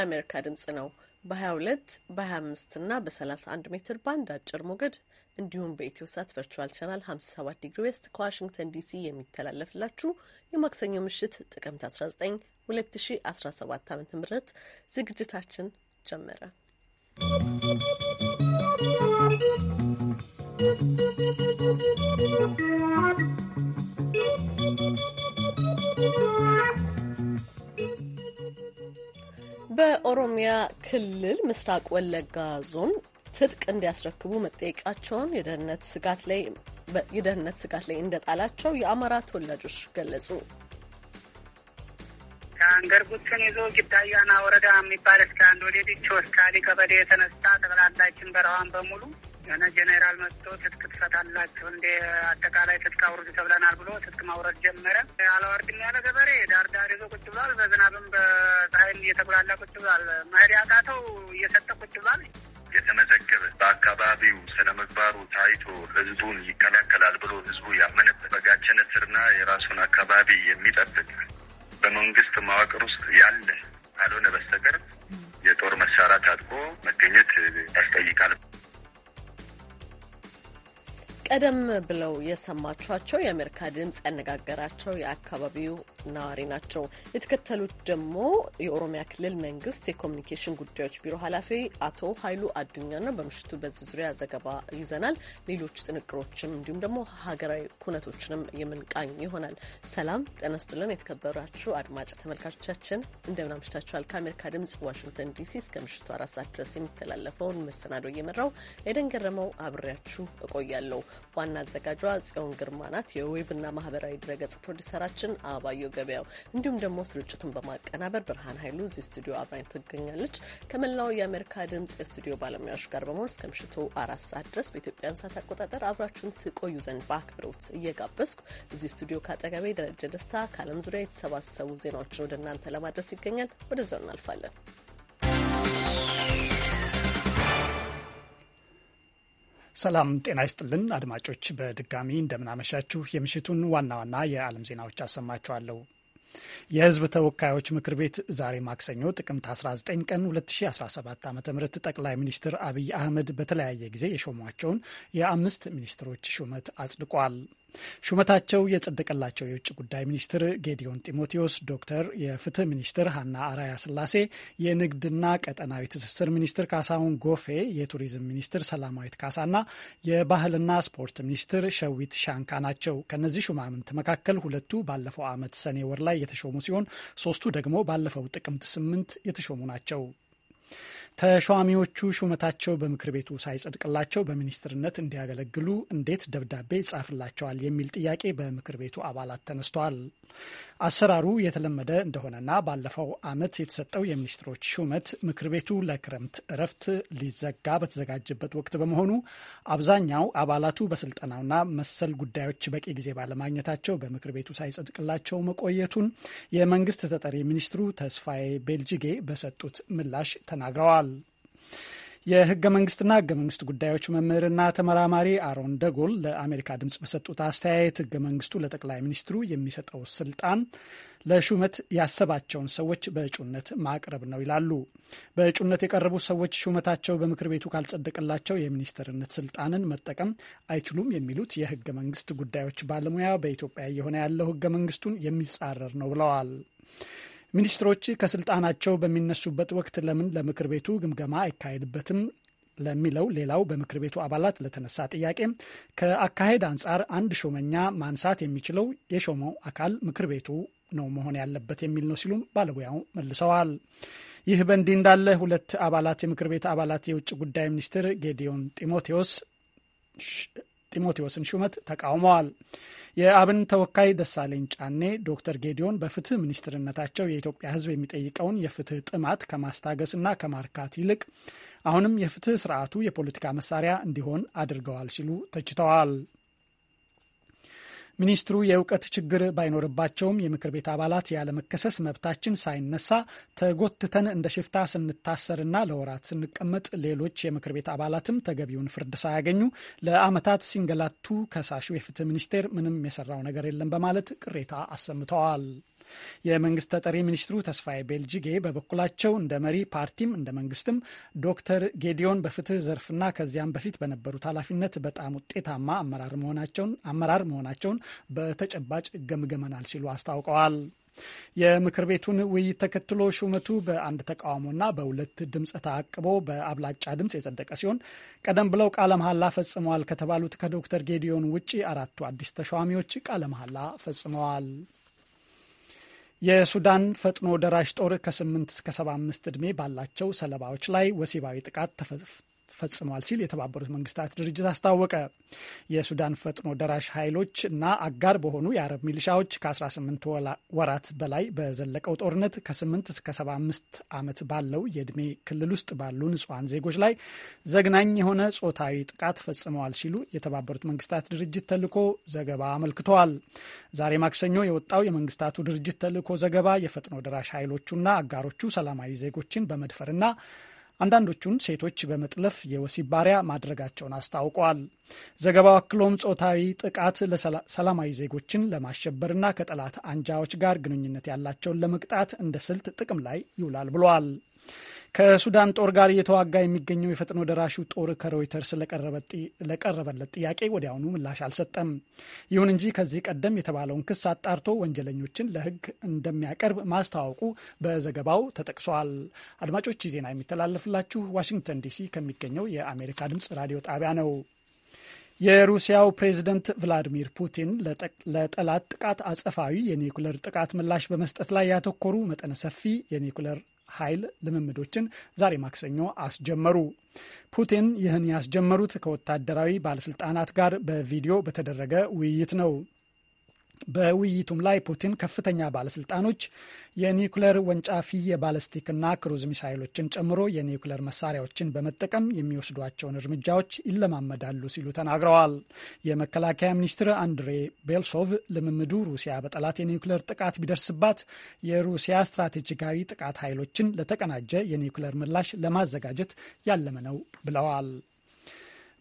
የአሜሪካ ድምጽ ነው። በ22 በ25 እና በ31 ሜትር ባንድ አጭር ሞገድ እንዲሁም በኢትዮ ሳት ቨርቹዋል ቻናል 57 ዲግሪ ዌስት ከዋሽንግተን ዲሲ የሚተላለፍላችሁ የማክሰኞ ምሽት ጥቅምት 19 2017 ዓ ም ዝግጅታችን ጀመረ። በኦሮሚያ ክልል ምስራቅ ወለጋ ዞን ትጥቅ እንዲያስረክቡ መጠየቃቸውን የደህንነት ስጋት ላይ የደህንነት ስጋት ላይ እንደጣላቸው የአማራ ተወላጆች ገለጹ። ከአንገር ጉትን ይዞ ጊዳያና ወረዳ የሚባል እስከ አንድ ወደ ዲቾ እስካሊ ቀበሌ የተነሳ ጠቅላላችን በረዋን በሙሉ የሆነ ጀኔራል መጥቶ ትጥቅ ትፈታላችሁ እንዴ አጠቃላይ ትጥቅ አውርድ ተብለናል ብሎ ትጥቅ ማውረድ ጀመረ። አለወርድም ያለ ገበሬ ዳር ዳር ይዞ ቁጭ ብሏል። በዝናብም በፀሐይም እየተጉላላ ቁጭ ብሏል። መሄድ ያቃተው እየሰጠ ቁጭ ብሏል። የተመዘገበ በአካባቢው ስነ ምግባሩ ታይቶ ህዝቡን ይከላከላል ብሎ ህዝቡ ያመነበት በጋችነት ስርና የራሱን አካባቢ የሚጠብቅ በመንግስት መዋቅር ውስጥ ያለ ካልሆነ በስተቀር የጦር መሳሪያ ታጥቆ መገኘት ያስጠይቃል። ቀደም ብለው የሰማችኋቸው የአሜሪካ ድምፅ ያነጋገራቸው የአካባቢው ነዋሪ ናቸው። የተከተሉት ደግሞ የኦሮሚያ ክልል መንግስት የኮሚኒኬሽን ጉዳዮች ቢሮ ኃላፊ አቶ ኃይሉ አዱኛ ነው። በምሽቱ በዚህ ዙሪያ ዘገባ ይዘናል። ሌሎች ጥንቅሮችም እንዲሁም ደግሞ ሀገራዊ ኩነቶችንም የምንቃኝ ይሆናል። ሰላም ጤና ይስጥልን። የተከበራችሁ አድማጭ ተመልካቾቻችን እንደምን አምሽታችኋል። ከአሜሪካ ድምፅ ዋሽንግተን ዲሲ እስከ ምሽቱ አራት ሰዓት ድረስ የሚተላለፈውን መሰናዶ እየመራው ኤደን ገረመው አብሬያችሁ እቆያለሁ። ዋና አዘጋጇ ጽዮን ግርማ ናት። የዌብና ማህበራዊ ድረገጽ ፕሮዲሰራችን አበባየው ገበያው፣ እንዲሁም ደግሞ ስርጭቱን በማቀናበር ብርሃን ኃይሉ እዚህ ስቱዲዮ አብራኝ ትገኛለች። ከመላው የአሜሪካ ድምጽ የስቱዲዮ ባለሙያዎች ጋር በመሆን እስከ ምሽቱ አራት ሰዓት ድረስ በኢትዮጵያ ሰዓት አቆጣጠር አብራችሁን ትቆዩ ዘንድ በአክብሮት እየጋበዝኩ እዚህ ስቱዲዮ ከአጠገቤ ደረጀ ደስታ ከዓለም ዙሪያ የተሰባሰቡ ዜናዎችን ወደ እናንተ ለማድረስ ይገኛል። ወደዛው እናልፋለን። ሰላም ጤና ይስጥልን አድማጮች፣ በድጋሚ እንደምናመሻችሁ። የምሽቱን ዋና ዋና የዓለም ዜናዎች አሰማችኋለሁ። የሕዝብ ተወካዮች ምክር ቤት ዛሬ ማክሰኞ ጥቅምት 19 ቀን 2017 ዓ ም ጠቅላይ ሚኒስትር አብይ አህመድ በተለያየ ጊዜ የሾሟቸውን የአምስት ሚኒስትሮች ሹመት አጽድቋል። ሹመታቸው የጸደቀላቸው የውጭ ጉዳይ ሚኒስትር ጌዲዮን ጢሞቴዎስ፣ ዶክተር የፍትህ ሚኒስትር ሀና አራያ ስላሴ፣ የንግድና ቀጠናዊ ትስስር ሚኒስትር ካሳሁን ጎፌ፣ የቱሪዝም ሚኒስትር ሰላማዊት ካሳና የባህልና ስፖርት ሚኒስትር ሸዊት ሻንካ ናቸው። ከነዚህ ሹማምንት መካከል ሁለቱ ባለፈው ዓመት ሰኔ ወር ላይ የተሾሙ ሲሆን ሶስቱ ደግሞ ባለፈው ጥቅምት ስምንት የተሾሙ ናቸው። ተሿሚዎቹ ሹመታቸው በምክር ቤቱ ሳይጸድቅላቸው በሚኒስትርነት እንዲያገለግሉ እንዴት ደብዳቤ ይጻፍላቸዋል የሚል ጥያቄ በምክር ቤቱ አባላት ተነስተዋል። አሰራሩ የተለመደ እንደሆነና ባለፈው ዓመት የተሰጠው የሚኒስትሮች ሹመት ምክር ቤቱ ለክረምት እረፍት ሊዘጋ በተዘጋጀበት ወቅት በመሆኑ አብዛኛው አባላቱ በስልጠናውና መሰል ጉዳዮች በቂ ጊዜ ባለማግኘታቸው በምክር ቤቱ ሳይጸድቅላቸው መቆየቱን የመንግስት ተጠሪ ሚኒስትሩ ተስፋዬ ቤልጅጌ በሰጡት ምላሽ ተናግረዋል። ተናግረዋል። የህገ መንግስትና ህገ መንግስት ጉዳዮች መምህርና ተመራማሪ አሮን ደጎል ለአሜሪካ ድምፅ በሰጡት አስተያየት ህገ መንግስቱ ለጠቅላይ ሚኒስትሩ የሚሰጠው ስልጣን ለሹመት ያሰባቸውን ሰዎች በእጩነት ማቅረብ ነው ይላሉ። በእጩነት የቀረቡ ሰዎች ሹመታቸው በምክር ቤቱ ካልጸደቀላቸው የሚኒስትርነት ስልጣንን መጠቀም አይችሉም የሚሉት የህገ መንግስት ጉዳዮች ባለሙያ በኢትዮጵያ እየሆነ ያለው ህገ መንግስቱን የሚጻረር ነው ብለዋል። ሚኒስትሮች ከስልጣናቸው በሚነሱበት ወቅት ለምን ለምክር ቤቱ ግምገማ አይካሄድበትም ለሚለው ሌላው በምክር ቤቱ አባላት ለተነሳ ጥያቄ ከአካሄድ አንጻር አንድ ሾመኛ ማንሳት የሚችለው የሾመው አካል ምክር ቤቱ ነው መሆን ያለበት የሚል ነው ሲሉም ባለሙያው መልሰዋል። ይህ በእንዲህ እንዳለ ሁለት አባላት የምክር ቤት አባላት የውጭ ጉዳይ ሚኒስትር ጌዲዮን ጢሞቴዎስ ጢሞቴዎስን ሹመት ተቃውመዋል። የአብን ተወካይ ደሳለኝ ጫኔ ዶክተር ጌዲዮን በፍትህ ሚኒስትርነታቸው የኢትዮጵያ ሕዝብ የሚጠይቀውን የፍትህ ጥማት ከማስታገስና ከማርካት ይልቅ አሁንም የፍትህ ስርዓቱ የፖለቲካ መሳሪያ እንዲሆን አድርገዋል ሲሉ ተችተዋል። ሚኒስትሩ የእውቀት ችግር ባይኖርባቸውም የምክር ቤት አባላት ያለመከሰስ መብታችን ሳይነሳ ተጎትተን እንደ ሽፍታ ስንታሰርና ለወራት ስንቀመጥ ሌሎች የምክር ቤት አባላትም ተገቢውን ፍርድ ሳያገኙ ለአመታት ሲንገላቱ ከሳሹ የፍትህ ሚኒስቴር ምንም የሰራው ነገር የለም በማለት ቅሬታ አሰምተዋል። የመንግስት ተጠሪ ሚኒስትሩ ተስፋዬ ቤልጅጌ በበኩላቸው እንደ መሪ ፓርቲም እንደ መንግስትም ዶክተር ጌዲዮን በፍትህ ዘርፍና ከዚያም በፊት በነበሩት ኃላፊነት በጣም ውጤታማ አመራር መሆናቸውን በተጨባጭ ገምገመናል ሲሉ አስታውቀዋል። የምክር ቤቱን ውይይት ተከትሎ ሹመቱ በአንድ ተቃውሞና በሁለት ድምፅ ተአቅቦ በአብላጫ ድምፅ የጸደቀ ሲሆን ቀደም ብለው ቃለ መሐላ ፈጽመዋል ከተባሉት ከዶክተር ጌዲዮን ውጪ አራቱ አዲስ ተሿሚዎች ቃለ መሐላ ፈጽመዋል። የሱዳን ፈጥኖ ደራሽ ጦር ከ8 እስከ 75 ዕድሜ ባላቸው ሰለባዎች ላይ ወሲባዊ ጥቃት ፈጽሟል ሲል የተባበሩት መንግስታት ድርጅት አስታወቀ። የሱዳን ፈጥኖ ደራሽ ኃይሎች እና አጋር በሆኑ የአረብ ሚሊሻዎች ከ18 ወራት በላይ በዘለቀው ጦርነት ከ8 እስከ 75 ዓመት ባለው የዕድሜ ክልል ውስጥ ባሉ ንጹሐን ዜጎች ላይ ዘግናኝ የሆነ ጾታዊ ጥቃት ፈጽመዋል ሲሉ የተባበሩት መንግስታት ድርጅት ተልዕኮ ዘገባ አመልክተዋል። ዛሬ ማክሰኞ የወጣው የመንግስታቱ ድርጅት ተልዕኮ ዘገባ የፈጥኖ ደራሽ ኃይሎቹና አጋሮቹ ሰላማዊ ዜጎችን በመድፈርና አንዳንዶቹን ሴቶች በመጥለፍ የወሲብ ባሪያ ማድረጋቸውን አስታውቀዋል። ዘገባው አክሎም ጾታዊ ጥቃት ሰላማዊ ዜጎችን ለማሸበርና ከጠላት አንጃዎች ጋር ግንኙነት ያላቸውን ለመቅጣት እንደ ስልት ጥቅም ላይ ይውላል ብሏል። ከሱዳን ጦር ጋር እየተዋጋ የሚገኘው የፈጥኖ ደራሹ ጦር ከሮይተርስ ለቀረበለት ጥያቄ ወዲያውኑ ምላሽ አልሰጠም። ይሁን እንጂ ከዚህ ቀደም የተባለውን ክስ አጣርቶ ወንጀለኞችን ለሕግ እንደሚያቀርብ ማስታወቁ በዘገባው ተጠቅሷል። አድማጮች ዜና የሚተላለፍላችሁ ዋሽንግተን ዲሲ ከሚገኘው የአሜሪካ ድምጽ ራዲዮ ጣቢያ ነው። የሩሲያው ፕሬዝደንት ቭላዲሚር ፑቲን ለጠላት ጥቃት አጸፋዊ የኒኩለር ጥቃት ምላሽ በመስጠት ላይ ያተኮሩ መጠነ ሰፊ የኒኩለር ኃይል ልምምዶችን ዛሬ ማክሰኞ አስጀመሩ። ፑቲን ይህን ያስጀመሩት ከወታደራዊ ባለስልጣናት ጋር በቪዲዮ በተደረገ ውይይት ነው። በውይይቱም ላይ ፑቲን ከፍተኛ ባለስልጣኖች የኒውክሌር ወንጫፊ የባለስቲክና ክሩዝ ሚሳይሎችን ጨምሮ የኒውክሌር መሳሪያዎችን በመጠቀም የሚወስዷቸውን እርምጃዎች ይለማመዳሉ ሲሉ ተናግረዋል። የመከላከያ ሚኒስትር አንድሬ ቤልሶቭ ልምምዱ ሩሲያ በጠላት የኒውክሌር ጥቃት ቢደርስባት የሩሲያ ስትራቴጂካዊ ጥቃት ኃይሎችን ለተቀናጀ የኒውክሌር ምላሽ ለማዘጋጀት ያለመ ነው ብለዋል።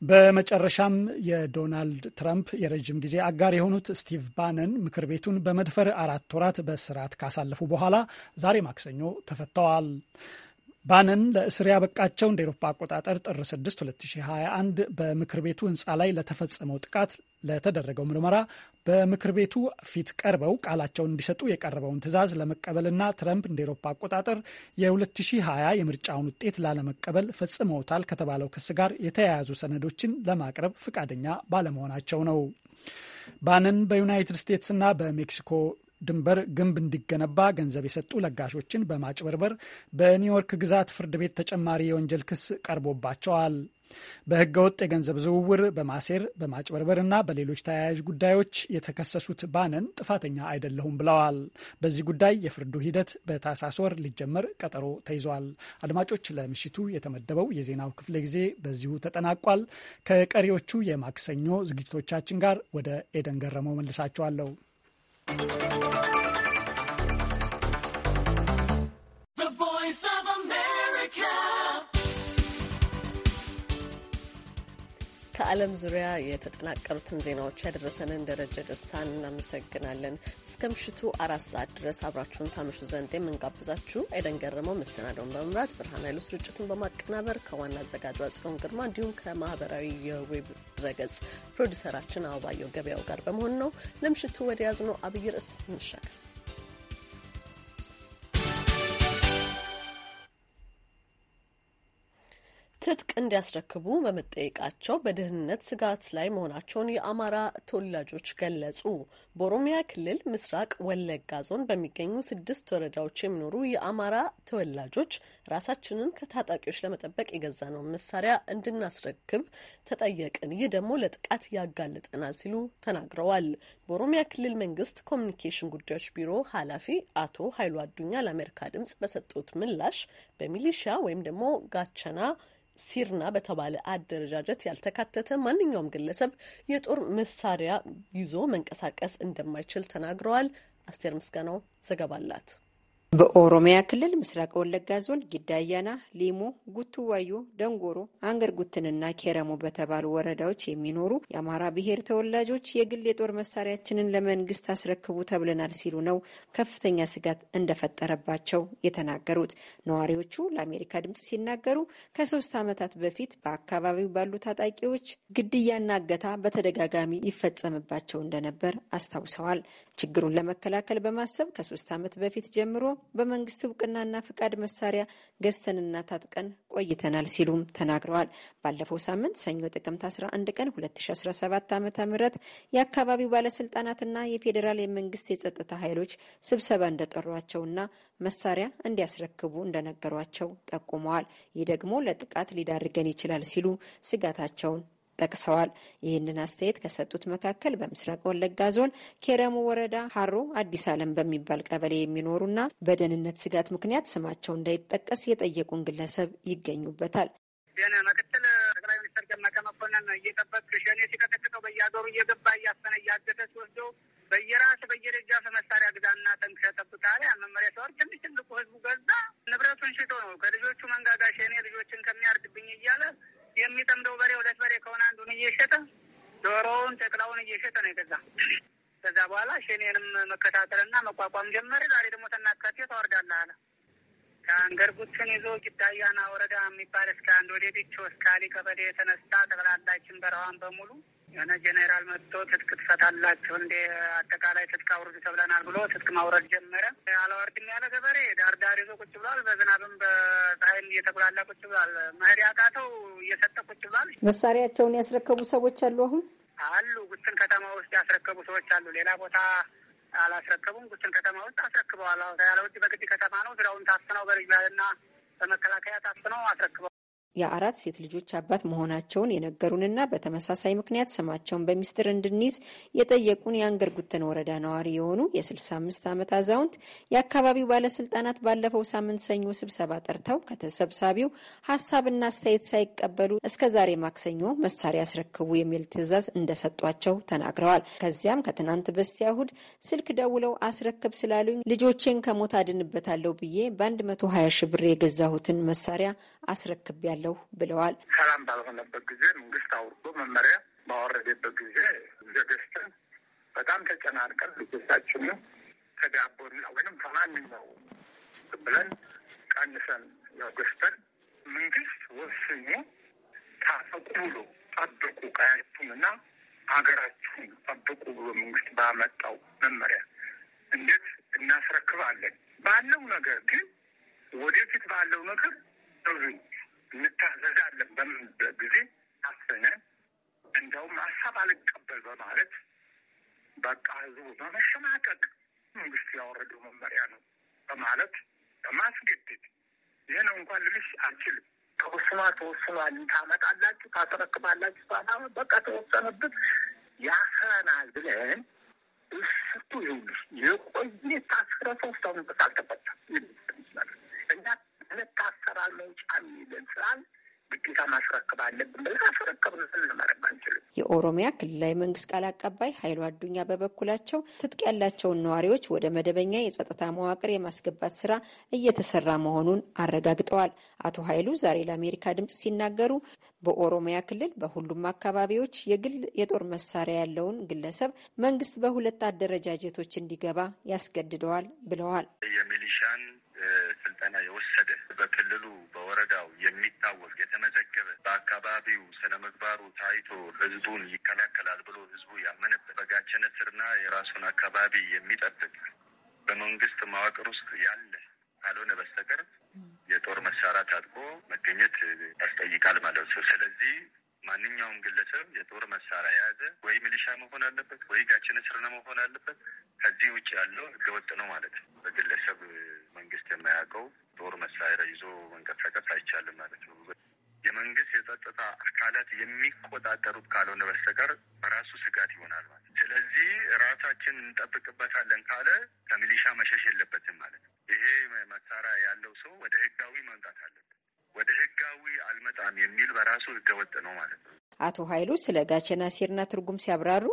በመጨረሻም የዶናልድ ትራምፕ የረዥም ጊዜ አጋር የሆኑት ስቲቭ ባነን ምክር ቤቱን በመድፈር አራት ወራት በስርዓት ካሳለፉ በኋላ ዛሬ ማክሰኞ ተፈተዋል። ባነን ለእስር ያበቃቸው እንደ ኤሮፓ አቆጣጠር ጥር 6 2021 በምክር ቤቱ ህንፃ ላይ ለተፈጸመው ጥቃት ለተደረገው ምርመራ በምክር ቤቱ ፊት ቀርበው ቃላቸውን እንዲሰጡ የቀረበውን ትዕዛዝ ለመቀበልና ትረምፕ እንደ ኤሮፓ አቆጣጠር የ2020 የምርጫውን ውጤት ላለመቀበል ፈጽመውታል ከተባለው ክስ ጋር የተያያዙ ሰነዶችን ለማቅረብ ፈቃደኛ ባለመሆናቸው ነው። ባነን በዩናይትድ ስቴትስና በሜክሲኮ ድንበር ግንብ እንዲገነባ ገንዘብ የሰጡ ለጋሾችን በማጭበርበር በኒውዮርክ ግዛት ፍርድ ቤት ተጨማሪ የወንጀል ክስ ቀርቦባቸዋል። በህገወጥ የገንዘብ ዝውውር፣ በማሴር በማጭበርበርና በሌሎች ተያያዥ ጉዳዮች የተከሰሱት ባነን ጥፋተኛ አይደለሁም ብለዋል። በዚህ ጉዳይ የፍርዱ ሂደት በታህሳስ ወር ሊጀመር ቀጠሮ ተይዟል። አድማጮች፣ ለምሽቱ የተመደበው የዜናው ክፍለ ጊዜ በዚሁ ተጠናቋል። ከቀሪዎቹ የማክሰኞ ዝግጅቶቻችን ጋር ወደ ኤደን ገረመው መልሳችኋለሁ። ከዓለም ዙሪያ የተጠናቀሩትን ዜናዎች ያደረሰንን ደረጀ ደስታን እናመሰግናለን። እስከ ምሽቱ አራት ሰዓት ድረስ አብራችሁን ታምሹ ዘንድ የምንጋብዛችሁ ኤደን ገረመው መሰናደውን በመምራት ብርሃን ኃይሉ ስርጭቱን በማቀናበር ከዋና አዘጋጇ ጽዮን ግርማ እንዲሁም ከማህበራዊ የዌብ ድረገጽ ፕሮዲሰራችን አበባየው ገበያው ጋር በመሆን ነው። ለምሽቱ ወደ ያዝነው አብይ ርዕስ እንሻገር። ትጥቅ እንዲያስረክቡ በመጠየቃቸው በደህንነት ስጋት ላይ መሆናቸውን የአማራ ተወላጆች ገለጹ። በኦሮሚያ ክልል ምስራቅ ወለጋ ዞን በሚገኙ ስድስት ወረዳዎች የሚኖሩ የአማራ ተወላጆች ራሳችንን ከታጣቂዎች ለመጠበቅ የገዛ ነውን መሳሪያ እንድናስረክብ ተጠየቅን። ይህ ደግሞ ለጥቃት ያጋልጠናል ሲሉ ተናግረዋል። በኦሮሚያ ክልል መንግስት ኮሚኒኬሽን ጉዳዮች ቢሮ ኃላፊ አቶ ኃይሉ አዱኛ ለአሜሪካ ድምጽ በሰጡት ምላሽ በሚሊሻ ወይም ደግሞ ጋቸና ሲርና በተባለ አደረጃጀት ያልተካተተ ማንኛውም ግለሰብ የጦር መሳሪያ ይዞ መንቀሳቀስ እንደማይችል ተናግረዋል። አስቴር ምስጋናው ዘገባ አላት። በኦሮሚያ ክልል ምስራቅ ወለጋ ዞን ጊዳያና አያና፣ ሊሙ፣ ጉቱ ደንጎሮ፣ አንገር ጉትንና ኬረሙ በተባሉ ወረዳዎች የሚኖሩ የአማራ ብሔር ተወላጆች የግል የጦር መሳሪያችንን ለመንግስት አስረክቡ ተብለናል ሲሉ ነው ከፍተኛ ስጋት እንደፈጠረባቸው የተናገሩት። ነዋሪዎቹ ለአሜሪካ ድምጽ ሲናገሩ ከሶስት ዓመታት በፊት በአካባቢው ባሉ ታጣቂዎች ግድያና እገታ በተደጋጋሚ ይፈጸምባቸው እንደነበር አስታውሰዋል። ችግሩን ለመከላከል በማሰብ ከሶስት ዓመት በፊት ጀምሮ በመንግስት እውቅናና ፍቃድ መሳሪያ ገዝተንና ታጥቀን ቆይተናል ሲሉም ተናግረዋል። ባለፈው ሳምንት ሰኞ ጥቅምት 11 ቀን 2017 ዓ ም የአካባቢው ባለስልጣናትና የፌዴራል የመንግስት የጸጥታ ኃይሎች ስብሰባ እንደጠሯቸውና መሳሪያ እንዲያስረክቡ እንደነገሯቸው ጠቁመዋል። ይህ ደግሞ ለጥቃት ሊዳርገን ይችላል ሲሉ ስጋታቸውን ጠቅሰዋል። ይህንን አስተያየት ከሰጡት መካከል በምስራቅ ወለጋ ዞን ኬረሙ ወረዳ ሀሮ አዲስ ዓለም በሚባል ቀበሌ የሚኖሩና በደህንነት ስጋት ምክንያት ስማቸው እንዳይጠቀስ የጠየቁን ግለሰብ ይገኙበታል። ምክትል ጠቅላይ ሚኒስትር ደመቀ መኮንን እየጠበቅ ሸኔ ሲቀጠቅጠው በየሀገሩ እየገባ እያፈነ እያገተ ሲወስዶ በየራስ በየደጃፍ መሳሪያ ግዛና ጠንክሸ ጠብቃ ያ መመሪያ ሰወር ትንሽ ትልቁ ህዝቡ ገዛ ንብረቱን ሽጦ ነው ከልጆ ጨውን ጨቅላውን እየሸጠ ነው የገዛ። ከዛ በኋላ ሸኔንም መከታተልና መቋቋም ጀመር። ዛሬ ደግሞ ተናካቴ ታወርዳለህ አለ። ከአንገርጉትን ይዞ ጊዳያና ወረዳ የሚባል እስከ አንድ ወደ ቤቾ እስከ አሊ ቀበሌ የተነሳ ጠቅላላችን በረዋን በሙሉ የሆነ ጄኔራል መጥቶ ትጥቅ ትፈታላችሁ እንዴ አጠቃላይ ትጥቅ አውርዱ ተብለናል ብሎ ትጥቅ ማውረድ ጀመረ። አላወርድም ያለ ገበሬ ዳርዳር ይዞ ቁጭ ብሏል። በዝናብም በፀሐይም እየተጉላላ ቁጭ ብሏል። መሄድ ያቃተው እየሰጠ ቁጭ ብሏል። መሳሪያቸውን ያስረከቡ ሰዎች አሉ አሁን አሉ። ጉትን ከተማ ውስጥ ያስረከቡ ሰዎች አሉ። ሌላ ቦታ አላስረከቡም። ጉትን ከተማ ውስጥ አስረክበዋል። ያለውጭ በግድ ከተማ ነው። ስራውን ታስነው በልዩ ኃይልና በመከላከያ ታስነው አስረክበዋል። የአራት ሴት ልጆች አባት መሆናቸውን የነገሩንና በተመሳሳይ ምክንያት ስማቸውን በሚስጥር እንድንይዝ የጠየቁን የአንገር ጉተን ወረዳ ነዋሪ የሆኑ የ65 ዓመት አዛውንት የአካባቢው ባለስልጣናት ባለፈው ሳምንት ሰኞ ስብሰባ ጠርተው ከተሰብሳቢው ሀሳብና አስተያየት ሳይቀበሉ እስከ ዛሬ ማክሰኞ መሳሪያ ያስረክቡ የሚል ትዕዛዝ እንደሰጧቸው ተናግረዋል። ከዚያም ከትናንት በስቲያ እሁድ ስልክ ደውለው አስረክብ ስላሉኝ ልጆቼን ከሞት አድንበታለሁ ብዬ በ120 ሺ ብር የገዛሁትን መሳሪያ አስረክብያል። ያለው ብለዋል። ሰላም ባልሆነበት ጊዜ መንግስት አውርዶ መመሪያ ባወረደበት ጊዜ ዘገዝተን በጣም ተጨናንቀን ልጆቻችንን ተዳቦና ወይም ከማንኛው ብለን ቀንሰን ያው ገዝተን መንግስት ወስኙ ታፈቁ ብሎ ጠብቁ ቀያችሁንና ሀገራችሁን ጠብቁ ብሎ መንግስት ባመጣው መመሪያ እንዴት እናስረክባለን ባለው ነገር ግን ወደፊት ባለው ነገር እዙኝ እንታዘዛለን በምንበት ጊዜ ታፍነን እንደውም ሀሳብ አልቀበል በማለት በቃ ህዝቡ በመሸማቀቅ መንግስት ያወረደው መመሪያ ነው በማለት በማስገደድ ይህ ነው እንኳን ልልሽ አልችልም። ተወስኗ ተወስኗል፣ ታመጣላችሁ፣ ታስረክባላችሁ፣ ሳላ በቃ ተወሰነብን ያሰናል ብለን እሱ ይሁንሽ የቆየ ታስረ ሰው እስካሁን ድረስ አልተፈታም። እኛ ሁለት አሰራር መውጫ የሚልን ስላል ግዴታ ማስረከብ አለብን ብለን አስረከብን። ልንመረብ አንችልም። የኦሮሚያ ክልላዊ መንግስት ቃል አቀባይ ኃይሉ አዱኛ በበኩላቸው ትጥቅ ያላቸውን ነዋሪዎች ወደ መደበኛ የጸጥታ መዋቅር የማስገባት ስራ እየተሰራ መሆኑን አረጋግጠዋል። አቶ ኃይሉ ዛሬ ለአሜሪካ ድምጽ ሲናገሩ በኦሮሚያ ክልል በሁሉም አካባቢዎች የግል የጦር መሳሪያ ያለውን ግለሰብ መንግስት በሁለት አደረጃጀቶች እንዲገባ ያስገድደዋል ብለዋል። የሚሊሻን ስልጠና የወሰደ በክልሉ በወረዳው የሚታወቅ የተመዘገበ በአካባቢው ስነ ምግባሩ ታይቶ ህዝቡን ይከላከላል ብሎ ህዝቡ ያመነበት በጋችነ ስርና የራሱን አካባቢ የሚጠብቅ በመንግስት መዋቅር ውስጥ ያለ ካልሆነ በስተቀር የጦር መሳሪያ ታጥቆ መገኘት ያስጠይቃል ማለት ነው። ስለዚህ ማንኛውም ግለሰብ የጦር መሳሪያ የያዘ ወይ ሚሊሻ መሆን አለበት ወይ ጋችን ስር መሆን አለበት። ከዚህ ውጭ ያለው ህገወጥ ነው ማለት ነው። በግለሰብ መንግስት የማያውቀው ጦር መሳሪያ ይዞ መንቀሳቀስ አይቻልም ማለት ነው። የመንግስት የጸጥታ አካላት የሚቆጣጠሩት ካልሆነ በስተቀር በራሱ ስጋት ይሆናል ማለት ስለዚህ ራሳችን እንጠብቅበታለን ካለ ከሚሊሻ መሸሽ የለበትም ማለት ነው። ይሄ መሳሪያ ያለው ሰው ወደ ህጋዊ መምጣት አለበት። ወደ ህጋዊ አልመጣም የሚል በራሱ ህገወጥ ነው ማለት ነው። አቶ ኃይሉ ስለ ጋቸና ሲርና ትርጉም ሲያብራሩ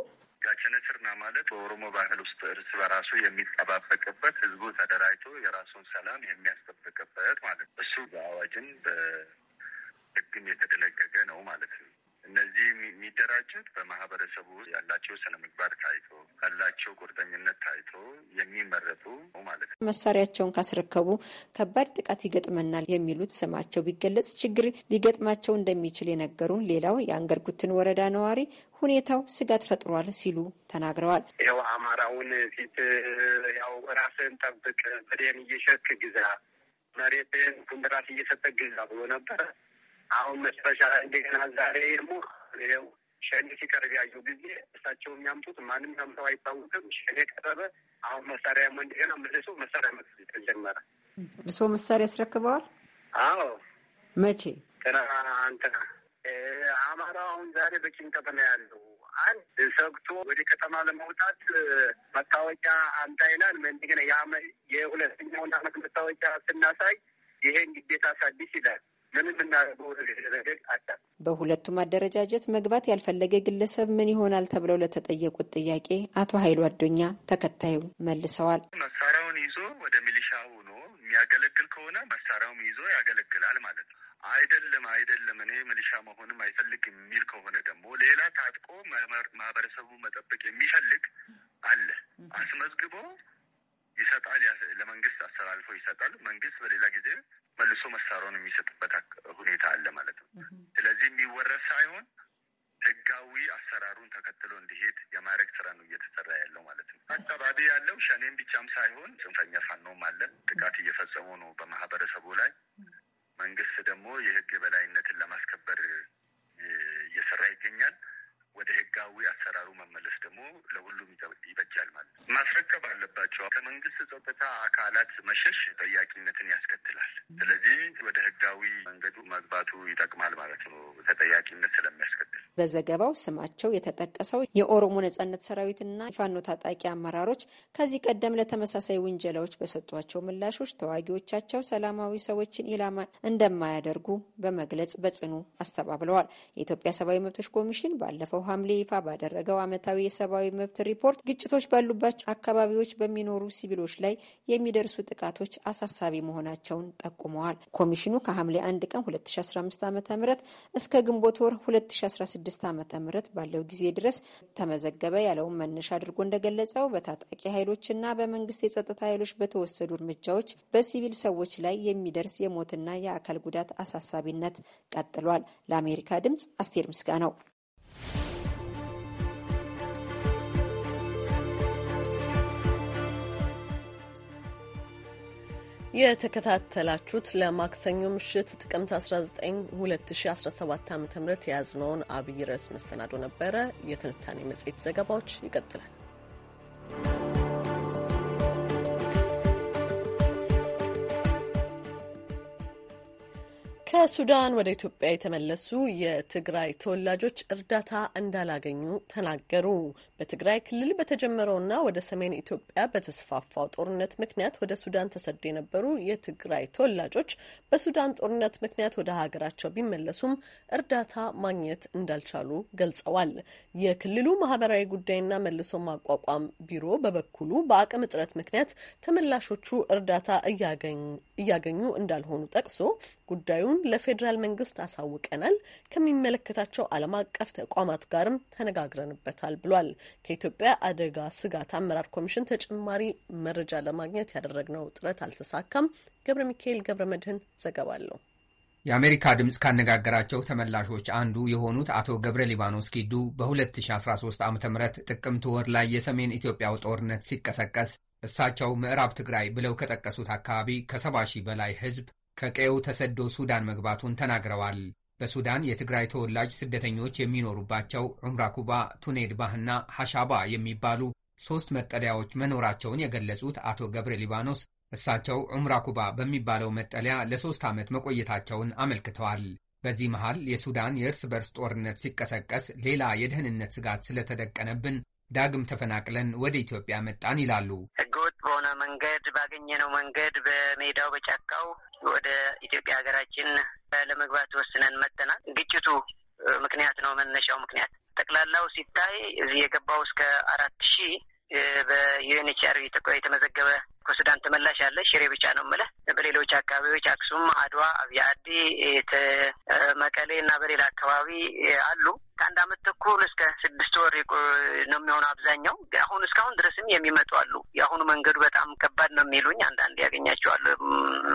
ጋቸነ ስርና ማለት በኦሮሞ ባህል ውስጥ እርስ በራሱ የሚጠባበቅበት ህዝቡ ተደራጅቶ የራሱን ሰላም የሚያስጠብቅበት ማለት ነው። እሱ በአዋጅም በህግም የተደነገገ ነው ማለት ነው። እነዚህ የሚደራጁት በማህበረሰቡ ያላቸው ስነ ምግባር ታይቶ ካላቸው ቁርጠኝነት ታይቶ የሚመረጡ ማለት ነው። መሳሪያቸውን ካስረከቡ ከባድ ጥቃት ይገጥመናል የሚሉት ስማቸው ቢገለጽ ችግር ሊገጥማቸው እንደሚችል የነገሩን ሌላው የአንገርጉትን ወረዳ ነዋሪ ሁኔታው ስጋት ፈጥሯል ሲሉ ተናግረዋል። ያው አማራውን ፊት ያው ራስን ጠብቅ ፍሬን እየሸክ ግዛ መሬትን ኩንትራት እየሰጠ ግዛ ብሎ ነበረ። አሁን መጨረሻ እንደገና ዛሬ ደግሞ ሸኔ ሲቀርብ ያየው ጊዜ እሳቸው የሚያምጡት ማንም ያምተው አይታወቅም። ሸኔ ቀረበ። አሁን መሳሪያ እንደገና መልሶ መሳሪያ መግዛት ጀመረ። እርስዎ መሳሪያ ያስረክበዋል? አዎ። መቼ? ትና አማራው አሁን ዛሬ በጭንቀት ነው ያለው። አንድ ሰግቶ ወደ ከተማ ለመውጣት መታወቂያ አንታይናል ይላል። የሁለተኛውን አመት መታወቂያ ስናሳይ ይሄን ግዴታ ሳዲስ ይላል። ምንም በሁለቱም አደረጃጀት መግባት ያልፈለገ ግለሰብ ምን ይሆናል ተብለው ለተጠየቁት ጥያቄ አቶ ኃይሉ አዶኛ ተከታዩ መልሰዋል። መሳሪያውን ይዞ ወደ ሚሊሻ ሆኖ የሚያገለግል ከሆነ መሳሪያውም ይዞ ያገለግላል ማለት ነው። አይደለም አይደለም እኔ ሚሊሻ መሆንም አይፈልግ የሚል ከሆነ ደግሞ ሌላ ታጥቆ ማህበረሰቡ መጠበቅ የሚፈልግ አለ። አስመዝግቦ ይሰጣል። ለመንግስት አስተላልፎ ይሰጣል። መንግስት በሌላ ጊዜ መልሶ መሳሪያውን የሚሰጥበት ሁኔታ አለ ማለት ነው። ስለዚህ የሚወረስ ሳይሆን ህጋዊ አሰራሩን ተከትሎ እንዲሄድ የማድረግ ስራ ነው እየተሰራ ያለው ማለት ነው። አካባቢ ያለው ሸኔም ብቻም ሳይሆን ጽንፈኛ ፋኖም አለን ጥቃት እየፈጸሙ ነው በማህበረሰቡ ላይ። መንግስት ደግሞ የህግ የበላይነትን ለማስከበር እየሰራ ይገኛል። ወደ ህጋዊ አሰራሩ መመለስ ደግሞ ለሁሉም ይበጃል ማለት ነው። ማስረከብ አለባቸው። ከመንግስት ጸጥታ አካላት መሸሽ ተጠያቂነትን ያስከትላል። ስለዚህ ወደ ህጋዊ መንገዱ መግባቱ ይጠቅማል ማለት ነው፣ ተጠያቂነት ስለሚያስከትል። በዘገባው ስማቸው የተጠቀሰው የኦሮሞ ነጻነት ሰራዊትና ፋኖ ታጣቂ አመራሮች ከዚህ ቀደም ለተመሳሳይ ውንጀላዎች በሰጧቸው ምላሾች ተዋጊዎቻቸው ሰላማዊ ሰዎችን ኢላማ እንደማያደርጉ በመግለጽ በጽኑ አስተባብለዋል። የኢትዮጵያ ሰብአዊ መብቶች ኮሚሽን ባለፈው ሐምሌ ይፋ ባደረገው ዓመታዊ የሰብአዊ መብት ሪፖርት ግጭቶች ባሉባቸው በተጎራባች አካባቢዎች በሚኖሩ ሲቪሎች ላይ የሚደርሱ ጥቃቶች አሳሳቢ መሆናቸውን ጠቁመዋል። ኮሚሽኑ ከሐምሌ 1 ቀን 2015 ዓ ም እስከ ግንቦት ወር 2016 ዓ ም ባለው ጊዜ ድረስ ተመዘገበ ያለውን መነሻ አድርጎ እንደገለጸው በታጣቂ ኃይሎችና በመንግስት የጸጥታ ኃይሎች በተወሰዱ እርምጃዎች በሲቪል ሰዎች ላይ የሚደርስ የሞትና የአካል ጉዳት አሳሳቢነት ቀጥሏል። ለአሜሪካ ድምጽ አስቴር ምስጋ ነው። የተከታተላችሁት ለማክሰኞ ምሽት ጥቅምት 19 2017 ዓ ም የያዝነውን አብይ ርዕስ መሰናዶ ነበረ። የትንታኔ መጽሔት ዘገባዎች ይቀጥላል። ከሱዳን ወደ ኢትዮጵያ የተመለሱ የትግራይ ተወላጆች እርዳታ እንዳላገኙ ተናገሩ። በትግራይ ክልል በተጀመረውና ወደ ሰሜን ኢትዮጵያ በተስፋፋው ጦርነት ምክንያት ወደ ሱዳን ተሰደው የነበሩ የትግራይ ተወላጆች በሱዳን ጦርነት ምክንያት ወደ ሀገራቸው ቢመለሱም እርዳታ ማግኘት እንዳልቻሉ ገልጸዋል። የክልሉ ማህበራዊ ጉዳይና መልሶ ማቋቋም ቢሮ በበኩሉ በአቅም እጥረት ምክንያት ተመላሾቹ እርዳታ እያገኙ እንዳልሆኑ ጠቅሶ ጉዳዩን ለፌዴራል መንግስት አሳውቀናል። ከሚመለከታቸው ዓለም አቀፍ ተቋማት ጋርም ተነጋግረንበታል ብሏል። ከኢትዮጵያ አደጋ ስጋት አመራር ኮሚሽን ተጨማሪ መረጃ ለማግኘት ያደረግነው ጥረት አልተሳካም። ገብረ ሚካኤል ገብረ መድህን ዘገባ አለው። የአሜሪካ ድምፅ ካነጋገራቸው ተመላሾች አንዱ የሆኑት አቶ ገብረ ሊባኖስ ኪዱ በ2013 ዓ ም ጥቅምት ወር ላይ የሰሜን ኢትዮጵያው ጦርነት ሲቀሰቀስ እሳቸው ምዕራብ ትግራይ ብለው ከጠቀሱት አካባቢ ከሰባ ሺህ በላይ ህዝብ። ከቀዩ ተሰዶ ሱዳን መግባቱን ተናግረዋል። በሱዳን የትግራይ ተወላጅ ስደተኞች የሚኖሩባቸው ዑምራ ኩባ፣ ቱኔድባህና ሐሻባ የሚባሉ ሦስት መጠለያዎች መኖራቸውን የገለጹት አቶ ገብረ ሊባኖስ እሳቸው ዑምራ ኩባ በሚባለው መጠለያ ለሦስት ዓመት መቆየታቸውን አመልክተዋል። በዚህ መሃል የሱዳን የእርስ በርስ ጦርነት ሲቀሰቀስ ሌላ የደህንነት ስጋት ስለተደቀነብን ዳግም ተፈናቅለን ወደ ኢትዮጵያ መጣን ይላሉ። ህገወጥ በሆነ መንገድ ባገኘነው መንገድ በሜዳው በጫካው ወደ ኢትዮጵያ ሀገራችን ለመግባት ወስነን መጥተናል። ግጭቱ ምክንያት ነው መነሻው ምክንያት ጠቅላላው ሲታይ እዚህ የገባው እስከ አራት ሺህ በዩኤንኤችሲአር የተመዘገበ ከሱዳን ተመላሽ ያለ ሽሬ ብቻ ነው የምልህ። በሌሎች አካባቢዎች አክሱም፣ አድዋ፣ አብያአዲ፣ መቀሌ እና በሌላ አካባቢ አሉ። ከአንድ አመት ተኩል እስከ ስድስት ወር ነው የሚሆነው አብዛኛው። አሁን እስካሁን ድረስም የሚመጡ አሉ። የአሁኑ መንገዱ በጣም ከባድ ነው የሚሉኝ አንዳንድ ያገኛቸዋሉ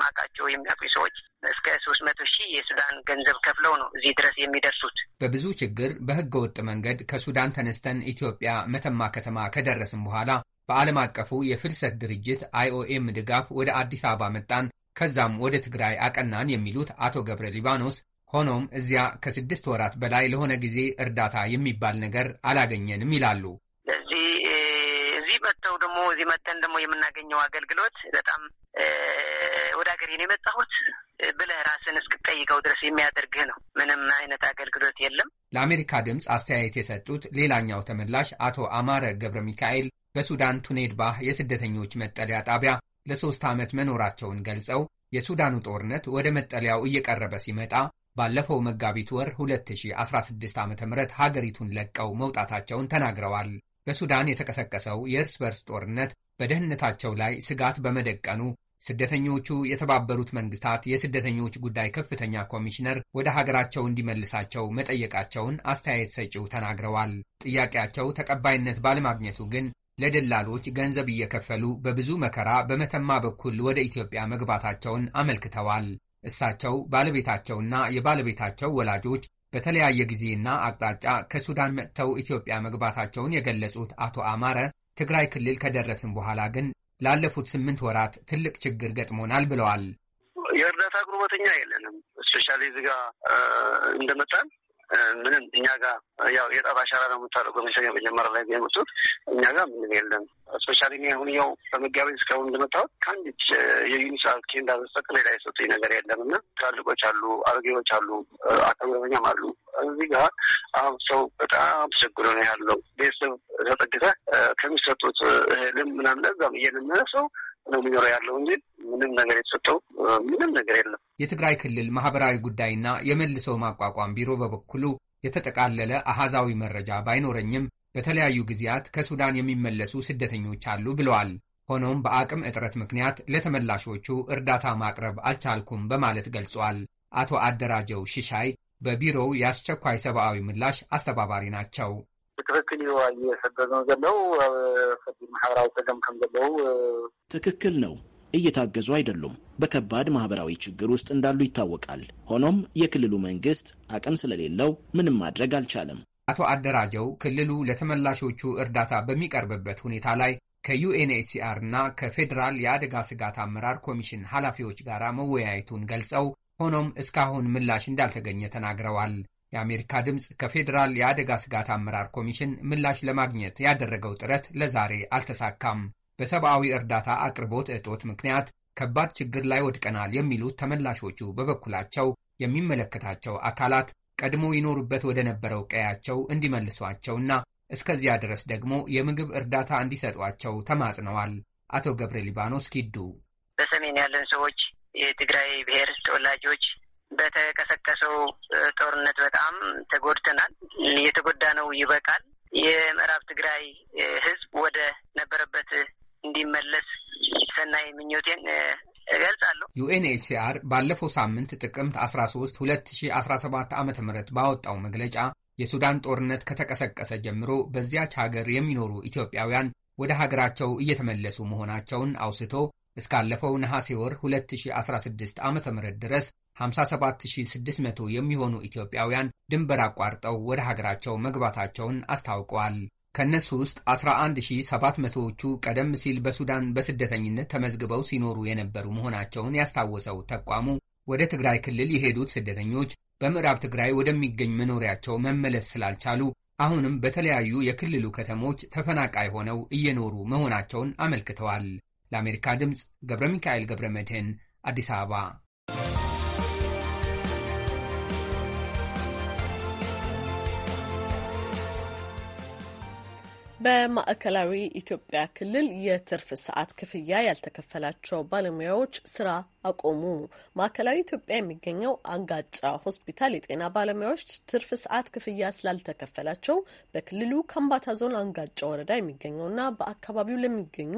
ማቃቸው የሚያውቁኝ ሰዎች እስከ ሶስት መቶ ሺህ የሱዳን ገንዘብ ከፍለው ነው እዚህ ድረስ የሚደርሱት። በብዙ ችግር በህገ ወጥ መንገድ ከሱዳን ተነስተን ኢትዮጵያ መተማ ከተማ ከደረስም በኋላ በዓለም አቀፉ የፍልሰት ድርጅት አይኦኤም ድጋፍ ወደ አዲስ አበባ መጣን፣ ከዛም ወደ ትግራይ አቀናን የሚሉት አቶ ገብረ ሊባኖስ ሆኖም እዚያ ከስድስት ወራት በላይ ለሆነ ጊዜ እርዳታ የሚባል ነገር አላገኘንም ይላሉ። እዚህ መጥተው ደግሞ እዚህ መጥተን ደግሞ የምናገኘው አገልግሎት በጣም ነው የመጣሁት ብለህ ራስን እስክጠይቀው ድረስ የሚያደርግህ ነው። ምንም አይነት አገልግሎት የለም። ለአሜሪካ ድምፅ አስተያየት የሰጡት ሌላኛው ተመላሽ አቶ አማረ ገብረ ሚካኤል በሱዳን ቱኔድባህ የስደተኞች መጠለያ ጣቢያ ለሶስት ዓመት መኖራቸውን ገልጸው የሱዳኑ ጦርነት ወደ መጠለያው እየቀረበ ሲመጣ ባለፈው መጋቢት ወር 2016 ዓ ም ሀገሪቱን ለቀው መውጣታቸውን ተናግረዋል። በሱዳን የተቀሰቀሰው የእርስ በርስ ጦርነት በደህንነታቸው ላይ ስጋት በመደቀኑ ስደተኞቹ የተባበሩት መንግስታት የስደተኞች ጉዳይ ከፍተኛ ኮሚሽነር ወደ ሀገራቸው እንዲመልሳቸው መጠየቃቸውን አስተያየት ሰጪው ተናግረዋል። ጥያቄያቸው ተቀባይነት ባለማግኘቱ ግን ለደላሎች ገንዘብ እየከፈሉ በብዙ መከራ በመተማ በኩል ወደ ኢትዮጵያ መግባታቸውን አመልክተዋል። እሳቸው ባለቤታቸውና የባለቤታቸው ወላጆች በተለያየ ጊዜና አቅጣጫ ከሱዳን መጥተው ኢትዮጵያ መግባታቸውን የገለጹት አቶ አማረ ትግራይ ክልል ከደረስን በኋላ ግን ላለፉት ስምንት ወራት ትልቅ ችግር ገጥሞናል ብለዋል። የእርዳታ ጉርበተኛ የለንም። ስፔሻሊ እዚህ እንደመጣን ምንም እኛ ጋር ያው የጣት አሻራ ነው የምታደርገው። በመሸኛ መጀመሪያ ላይ የመጡት እኛ ጋር ምንም የለም። ስፔሻሊ አሁን ያው በመጋቢት እስካሁን እንደመጣሁት ከአንድ የዩኒሳ ኬንዳ በስተቀር ሌላ የሰጡኝ ነገር የለም እና ትላልቆች አሉ፣ አሮጌዎች አሉ፣ አቀብረበኛም አሉ። እዚህ ጋር አሁን ሰው በጣም ተቸግሮ ነው ያለው። ቤተሰብ ተጠግተ ከሚሰጡት እህልም ምናምን ለዛም እየለመነ ሰው ነው የሚኖረው ያለው እንጂ ምንም ነገር የተሰጠው ምንም ነገር የለም። የትግራይ ክልል ማህበራዊ ጉዳይና የመልሶ ማቋቋም ቢሮ በበኩሉ የተጠቃለለ አሃዛዊ መረጃ ባይኖረኝም በተለያዩ ጊዜያት ከሱዳን የሚመለሱ ስደተኞች አሉ ብለዋል። ሆኖም በአቅም እጥረት ምክንያት ለተመላሾቹ እርዳታ ማቅረብ አልቻልኩም በማለት ገልጿል። አቶ አደራጀው ሽሻይ በቢሮው የአስቸኳይ ሰብአዊ ምላሽ አስተባባሪ ናቸው። ብትክክል እየሰገዝን ዘለው ማሕበራዊ ፀገም ከም ዘለው ትክክል ነው። እየታገዙ አይደሉም። በከባድ ማህበራዊ ችግር ውስጥ እንዳሉ ይታወቃል። ሆኖም የክልሉ መንግስት አቅም ስለሌለው ምንም ማድረግ አልቻለም። አቶ አደራጀው ክልሉ ለተመላሾቹ እርዳታ በሚቀርብበት ሁኔታ ላይ ከዩኤንኤችሲአር እና ከፌዴራል የአደጋ ስጋት አመራር ኮሚሽን ኃላፊዎች ጋር መወያየቱን ገልጸው ሆኖም እስካሁን ምላሽ እንዳልተገኘ ተናግረዋል። የአሜሪካ ድምፅ ከፌዴራል የአደጋ ስጋት አመራር ኮሚሽን ምላሽ ለማግኘት ያደረገው ጥረት ለዛሬ አልተሳካም። በሰብአዊ እርዳታ አቅርቦት እጦት ምክንያት ከባድ ችግር ላይ ወድቀናል የሚሉት ተመላሾቹ በበኩላቸው የሚመለከታቸው አካላት ቀድሞ ይኖሩበት ወደ ነበረው ቀያቸው እንዲመልሷቸውና እስከዚያ ድረስ ደግሞ የምግብ እርዳታ እንዲሰጧቸው ተማጽነዋል። አቶ ገብረ ሊባኖስ ኪዱ በሰሜን ያለን ሰዎች የትግራይ ብሔር ተወላጆች በተቀሰቀሰው ጦርነት በጣም ተጎድተናል። የተጎዳ ነው ይበቃል። የምዕራብ ትግራይ ህዝብ ወደ ነበረበት እንዲመለስ ሰናይ ምኞቴን እገልጻለሁ። ዩኤንኤችሲአር ባለፈው ሳምንት ጥቅምት 13 2017 ዓ ም ባወጣው መግለጫ የሱዳን ጦርነት ከተቀሰቀሰ ጀምሮ በዚያች ሀገር የሚኖሩ ኢትዮጵያውያን ወደ ሀገራቸው እየተመለሱ መሆናቸውን አውስቶ እስካለፈው ነሐሴ ወር 2016 ዓ ም ድረስ 57600 የሚሆኑ ኢትዮጵያውያን ድንበር አቋርጠው ወደ ሀገራቸው መግባታቸውን አስታውቀዋል። ከእነሱ ውስጥ 11700ዎቹ ቀደም ሲል በሱዳን በስደተኝነት ተመዝግበው ሲኖሩ የነበሩ መሆናቸውን ያስታወሰው ተቋሙ ወደ ትግራይ ክልል የሄዱት ስደተኞች በምዕራብ ትግራይ ወደሚገኝ መኖሪያቸው መመለስ ስላልቻሉ አሁንም በተለያዩ የክልሉ ከተሞች ተፈናቃይ ሆነው እየኖሩ መሆናቸውን አመልክተዋል። ለአሜሪካ ድምፅ ገብረ ሚካኤል ገብረ መድህን አዲስ አበባ በማዕከላዊ ኢትዮጵያ ክልል የትርፍ ሰዓት ክፍያ ያልተከፈላቸው ባለሙያዎች ስራ አቆሙ። ማዕከላዊ ኢትዮጵያ የሚገኘው አንጋጫ ሆስፒታል የጤና ባለሙያዎች ትርፍ ሰዓት ክፍያ ስላልተከፈላቸው በክልሉ ከምባታ ዞን አንጋጫ ወረዳ የሚገኘውና በአካባቢው ለሚገኙ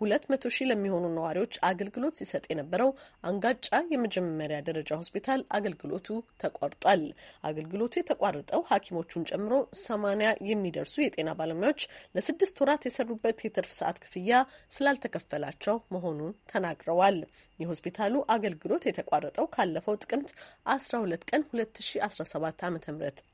ሁለት መቶ ሺህ ለሚሆኑ ነዋሪዎች አገልግሎት ሲሰጥ የነበረው አንጋጫ የመጀመሪያ ደረጃ ሆስፒታል አገልግሎቱ ተቋርጧል። አገልግሎቱ የተቋረጠው ሐኪሞቹን ጨምሮ ሰማኒያ የሚደርሱ የጤና ባለሙያዎች ለስድስት ወራት የሰሩበት የትርፍ ሰዓት ክፍያ ስላልተከፈላቸው መሆኑን ተናግረዋል። የሆስፒታሉ አገልግሎት የተቋረጠው ካለፈው ጥቅምት 12 ቀን 2017 ዓ ም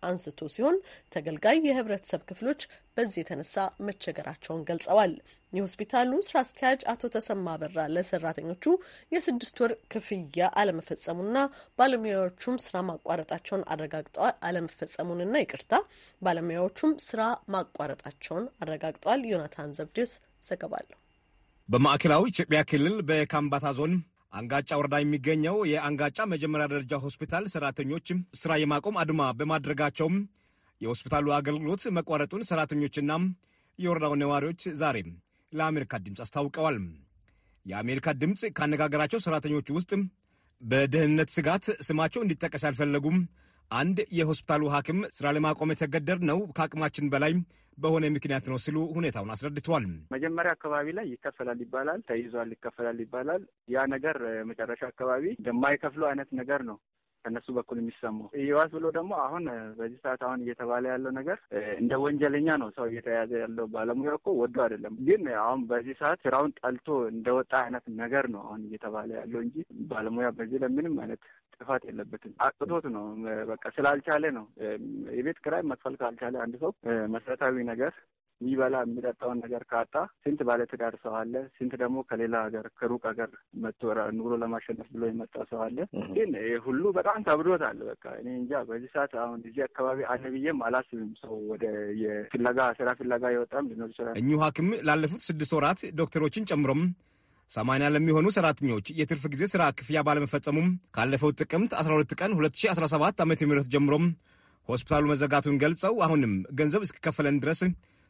አንስቶ ሲሆን ተገልጋይ የህብረተሰብ ክፍሎች በዚህ የተነሳ መቸገራቸውን ገልጸዋል። የሆስፒታሉ ስራ አስኪያጅ አቶ ተሰማ በራ ለሰራተኞቹ የስድስት ወር ክፍያ አለመፈጸሙና ባለሙያዎቹም ስራ ማቋረጣቸውን አረጋግጠዋል። አለመፈጸሙንና ይቅርታ ባለሙያዎቹም ስራ ማቋረጣቸውን አረጋግጠዋል። ዮናታን ዘብዴስ ዘገባለሁ። በማዕከላዊ ኢትዮጵያ ክልል በካምባታ ዞን አንጋጫ ወረዳ የሚገኘው የአንጋጫ መጀመሪያ ደረጃ ሆስፒታል ሰራተኞች ስራ የማቆም አድማ በማድረጋቸውም የሆስፒታሉ አገልግሎት መቋረጡን ሰራተኞችና የወረዳው ነዋሪዎች ዛሬ ለአሜሪካ ድምፅ አስታውቀዋል። የአሜሪካ ድምፅ ካነጋገራቸው ሰራተኞች ውስጥ በደህንነት ስጋት ስማቸው እንዲጠቀስ ያልፈለጉም አንድ የሆስፒታሉ ሐኪም ስራ ለማቆም የተገደድ ነው ከአቅማችን በላይ በሆነ ምክንያት ነው ሲሉ ሁኔታውን አስረድተዋል። መጀመሪያ አካባቢ ላይ ይከፈላል ይባላል፣ ተይዟል ይከፈላል ይባላል። ያ ነገር መጨረሻ አካባቢ እንደማይከፍሉ አይነት ነገር ነው ከነሱ በኩል የሚሰማው ይዋስ ብሎ ደግሞ አሁን በዚህ ሰዓት አሁን እየተባለ ያለው ነገር እንደ ወንጀለኛ ነው ሰው እየተያዘ ያለው። ባለሙያ እኮ ወዶ አይደለም፣ ግን አሁን በዚህ ሰዓት ስራውን ጠልቶ እንደወጣ አይነት ነገር ነው አሁን እየተባለ ያለው እንጂ ባለሙያ በዚህ ላይ ምንም አይነት ጥፋት የለበትም። አቅቶት ነው በቃ ስላልቻለ ነው። የቤት ክራይ መክፈል ካልቻለ አንድ ሰው መሰረታዊ ነገር የሚበላ የሚጠጣውን ነገር ካጣ ስንት ባለትዳር ሰው አለ። ስንት ደግሞ ከሌላ ሀገር ከሩቅ ሀገር መጥቶ ኑሮ ለማሸነፍ ብሎ የመጣ ሰው አለ። ግን ሁሉ በጣም ተብዶታል በቃ እኔ እንጃ በዚህ ሰዓት አሁን እዚህ አካባቢ አለ ብዬም አላስብም። ሰው ወደ የፍለጋ ስራ ፍለጋ የወጣም ሊኖር ይችላል። እኚሁ ሐኪም ላለፉት ስድስት ወራት ዶክተሮችን ጨምሮም 80 ለሚሆኑ ሰራተኞች የትርፍ ጊዜ ስራ ክፍያ ባለመፈጸሙም ካለፈው ጥቅምት 12 ቀን 2017 ዓ ም ጀምሮም ሆስፒታሉ መዘጋቱን ገልጸው አሁንም ገንዘብ እስኪከፈለን ድረስ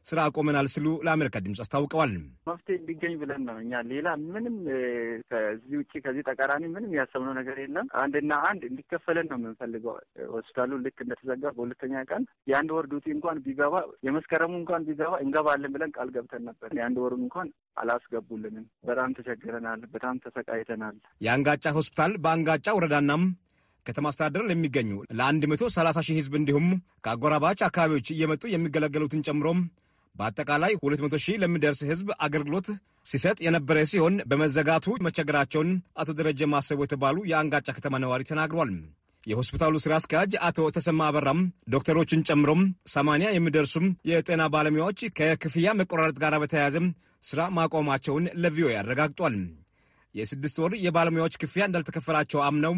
ስራ አቆመናል ስሉ ለአሜሪካ ድምፅ አስታውቀዋል። መፍትሄ እንዲገኝ ብለን ነው እኛ ሌላ ምንም ከዚህ ውጭ ከዚህ ተቃራኒ ምንም ያሰብነው ነገር የለም። አንድና አንድ እንዲከፈለን ነው የምንፈልገው። ሆስፒታሉ ልክ እንደተዘጋ በሁለተኛ ቀን የአንድ ወር ዱቲ እንኳን ቢገባ የመስከረሙ እንኳን ቢገባ እንገባለን ብለን ቃል ገብተን ነበር። የአንድ ወሩም እንኳን አላስገቡልንም። በጣም ተቸግረናል። በጣም ተሰቃይተናል። የአንጋጫ ሆስፒታል በአንጋጫ ወረዳናም ከተማ አስተዳደር ለሚገኙ ለ130 ሺህ ህዝብ እንዲሁም ከአጎራባች አካባቢዎች እየመጡ የሚገለገሉትን ጨምሮም በአጠቃላይ 200 ሺህ ለሚደርስ ህዝብ አገልግሎት ሲሰጥ የነበረ ሲሆን በመዘጋቱ መቸገራቸውን አቶ ደረጀ ማሰቦ የተባሉ የአንጋጫ ከተማ ነዋሪ ተናግሯል። የሆስፒታሉ ስራ አስኪያጅ አቶ ተሰማ አበራም ዶክተሮችን ጨምሮም ሰማንያ የሚደርሱም የጤና ባለሙያዎች ከክፍያ መቆራረጥ ጋር በተያያዘም ስራ ማቆማቸውን ለቪኦኤ አረጋግጧል። የስድስት ወር የባለሙያዎች ክፍያ እንዳልተከፈላቸው አምነው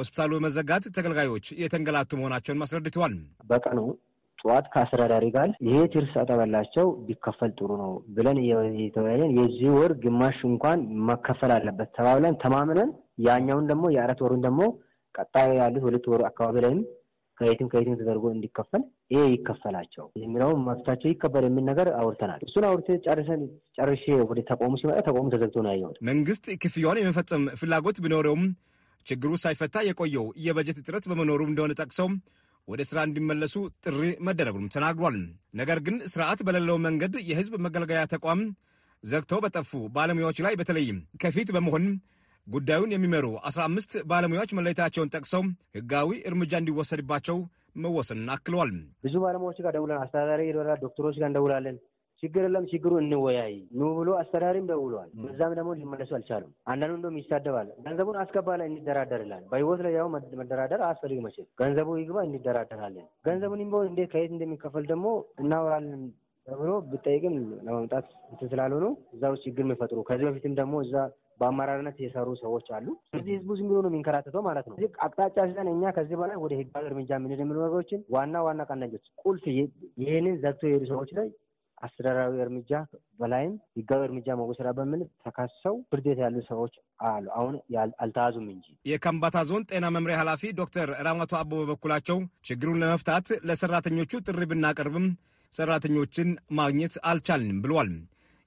ሆስፒታሉ በመዘጋት ተገልጋዮች የተንገላቱ መሆናቸውን አስረድተዋል። በቀኑ ጠዋት ከአስተዳዳሪ ጋር ይሄ ትርስ አጠበላቸው ቢከፈል ጥሩ ነው ብለን እየተወያየን የዚህ ወር ግማሽ እንኳን መከፈል አለበት ተባብለን ተማምነን ያኛውን ደግሞ የአራት ወሩን ደግሞ ቀጣይ ያሉት ሁለት ወሩ አካባቢ ላይም ከየትም ከየትም ተደርጎ እንዲከፈል ይሄ ይከፈላቸው የሚለው መብታቸው ይከበር የሚል ነገር አውርተናል። እሱን አውርቴ ጨርሰን ጨርሼ ወደ ተቋሙ ሲመጣ ተቋሙ ተዘግቶ ነው ያየሁት። መንግስት ክፍያውን የመፈጸም ፍላጎት ቢኖረውም ችግሩ ሳይፈታ የቆየው የበጀት እጥረት በመኖሩ እንደሆነ ጠቅሰው ወደ ስራ እንዲመለሱ ጥሪ መደረጉንም ተናግሯል። ነገር ግን ስርዓት በሌለው መንገድ የህዝብ መገልገያ ተቋም ዘግተው በጠፉ ባለሙያዎች ላይ በተለይም ከፊት በመሆን ጉዳዩን የሚመሩ 15 ባለሙያዎች መለየታቸውን ጠቅሰው ህጋዊ እርምጃ እንዲወሰድባቸው መወሰንን አክለዋል። ብዙ ባለሙያዎች ጋር ደውለን፣ አስተዳዳሪ ዶክተሮች ጋር እንደውላለን ችግር የለም ችግሩ እንወያይ ኑ ብሎ አስተዳሪም ደውሏል። በዛም ደግሞ ሊመለሱ አልቻሉም። አንዳንዱ እንደውም ይሳደባል። ገንዘቡን አስገባ ላይ እንደራደር በህይወት ላይ ያው መደራደር አያስፈልግ መቼም ገንዘቡ ይግባ እንደራደራለን። ገንዘቡን ቢሆን እንዴት ከየት እንደሚከፈል ደግሞ እናወራለን ተብሎ ብጠይቅም ለመምጣት ለማምጣት ስላልሆኑ እዛው ችግር የሚፈጥሩ ከዚህ በፊትም ደግሞ እዛ በአመራርነት የሰሩ ሰዎች አሉ። ስለዚህ ህዝቡ ዝም ብሎ ነው የሚንከራተተው ማለት ነው። አቅጣጫ ሲዘን እኛ ከዚህ በላይ ወደ ህግ እርምጃ የምንሄድ የሚሉ ነገሮችን ዋና ዋና ቀናጆች ቁልፍ ይህንን ዘግቶ የሄዱ ሰዎች ላይ አስተዳደራዊ እርምጃ በላይም ህጋዊ እርምጃ መወሰዳ በሚል ተከሰው ፍርድ ቤት ያሉ ሰዎች አሉ። አሁን አልተያዙም እንጂ። የከምባታ ዞን ጤና መምሪያ ኃላፊ ዶክተር ራማቶ አቦ በበኩላቸው ችግሩን ለመፍታት ለሰራተኞቹ ጥሪ ብናቀርብም ሰራተኞችን ማግኘት አልቻልንም ብሏል።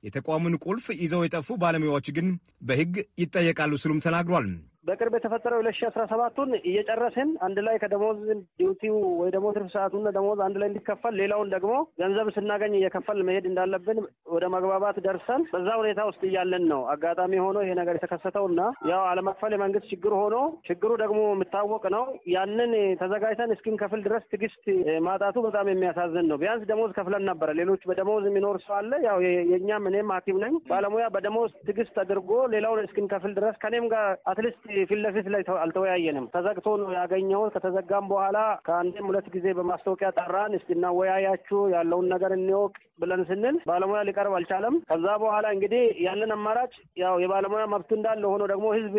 የተቋሙን ቁልፍ ይዘው የጠፉ ባለሙያዎች ግን በህግ ይጠየቃሉ ስሉም ተናግሯል። በቅርብ የተፈጠረው ሁለት ሺ አስራ ሰባቱን እየጨረስን አንድ ላይ ከደሞዝ ዲዩቲው ወይ ደግሞ ትርፍ ሰዓቱና ደሞዝ አንድ ላይ እንዲከፈል ሌላውን ደግሞ ገንዘብ ስናገኝ እየከፈል መሄድ እንዳለብን ወደ መግባባት ደርሰን በዛ ሁኔታ ውስጥ እያለን ነው አጋጣሚ ሆኖ ይሄ ነገር የተከሰተው እና ያው አለመክፈል የመንግስት ችግር ሆኖ ችግሩ ደግሞ የሚታወቅ ነው። ያንን ተዘጋጅተን እስኪን ከፍል ድረስ ትግስት ማጣቱ በጣም የሚያሳዝን ነው። ቢያንስ ደሞዝ ከፍለን ነበረ። ሌሎች በደሞዝ የሚኖር ሰው አለ። ያው የእኛም እኔም ሐኪም ነኝ ባለሙያ በደሞዝ ትግስት አድርጎ ሌላውን ከፍል ድረስ ከኔም ጋር አትሊስት ፊት ለፊት ላይ አልተወያየንም። ተዘግቶ ነው ያገኘሁት። ከተዘጋም በኋላ ከአንድም ሁለት ጊዜ በማስታወቂያ ጠራን። እስቲ እናወያያችሁ ያለውን ነገር እንወቅ ብለን ስንል ባለሙያ ሊቀርብ አልቻለም። ከዛ በኋላ እንግዲህ ያለን አማራጭ ያው የባለሙያ መብቱ እንዳለ ሆኖ ደግሞ ህዝብ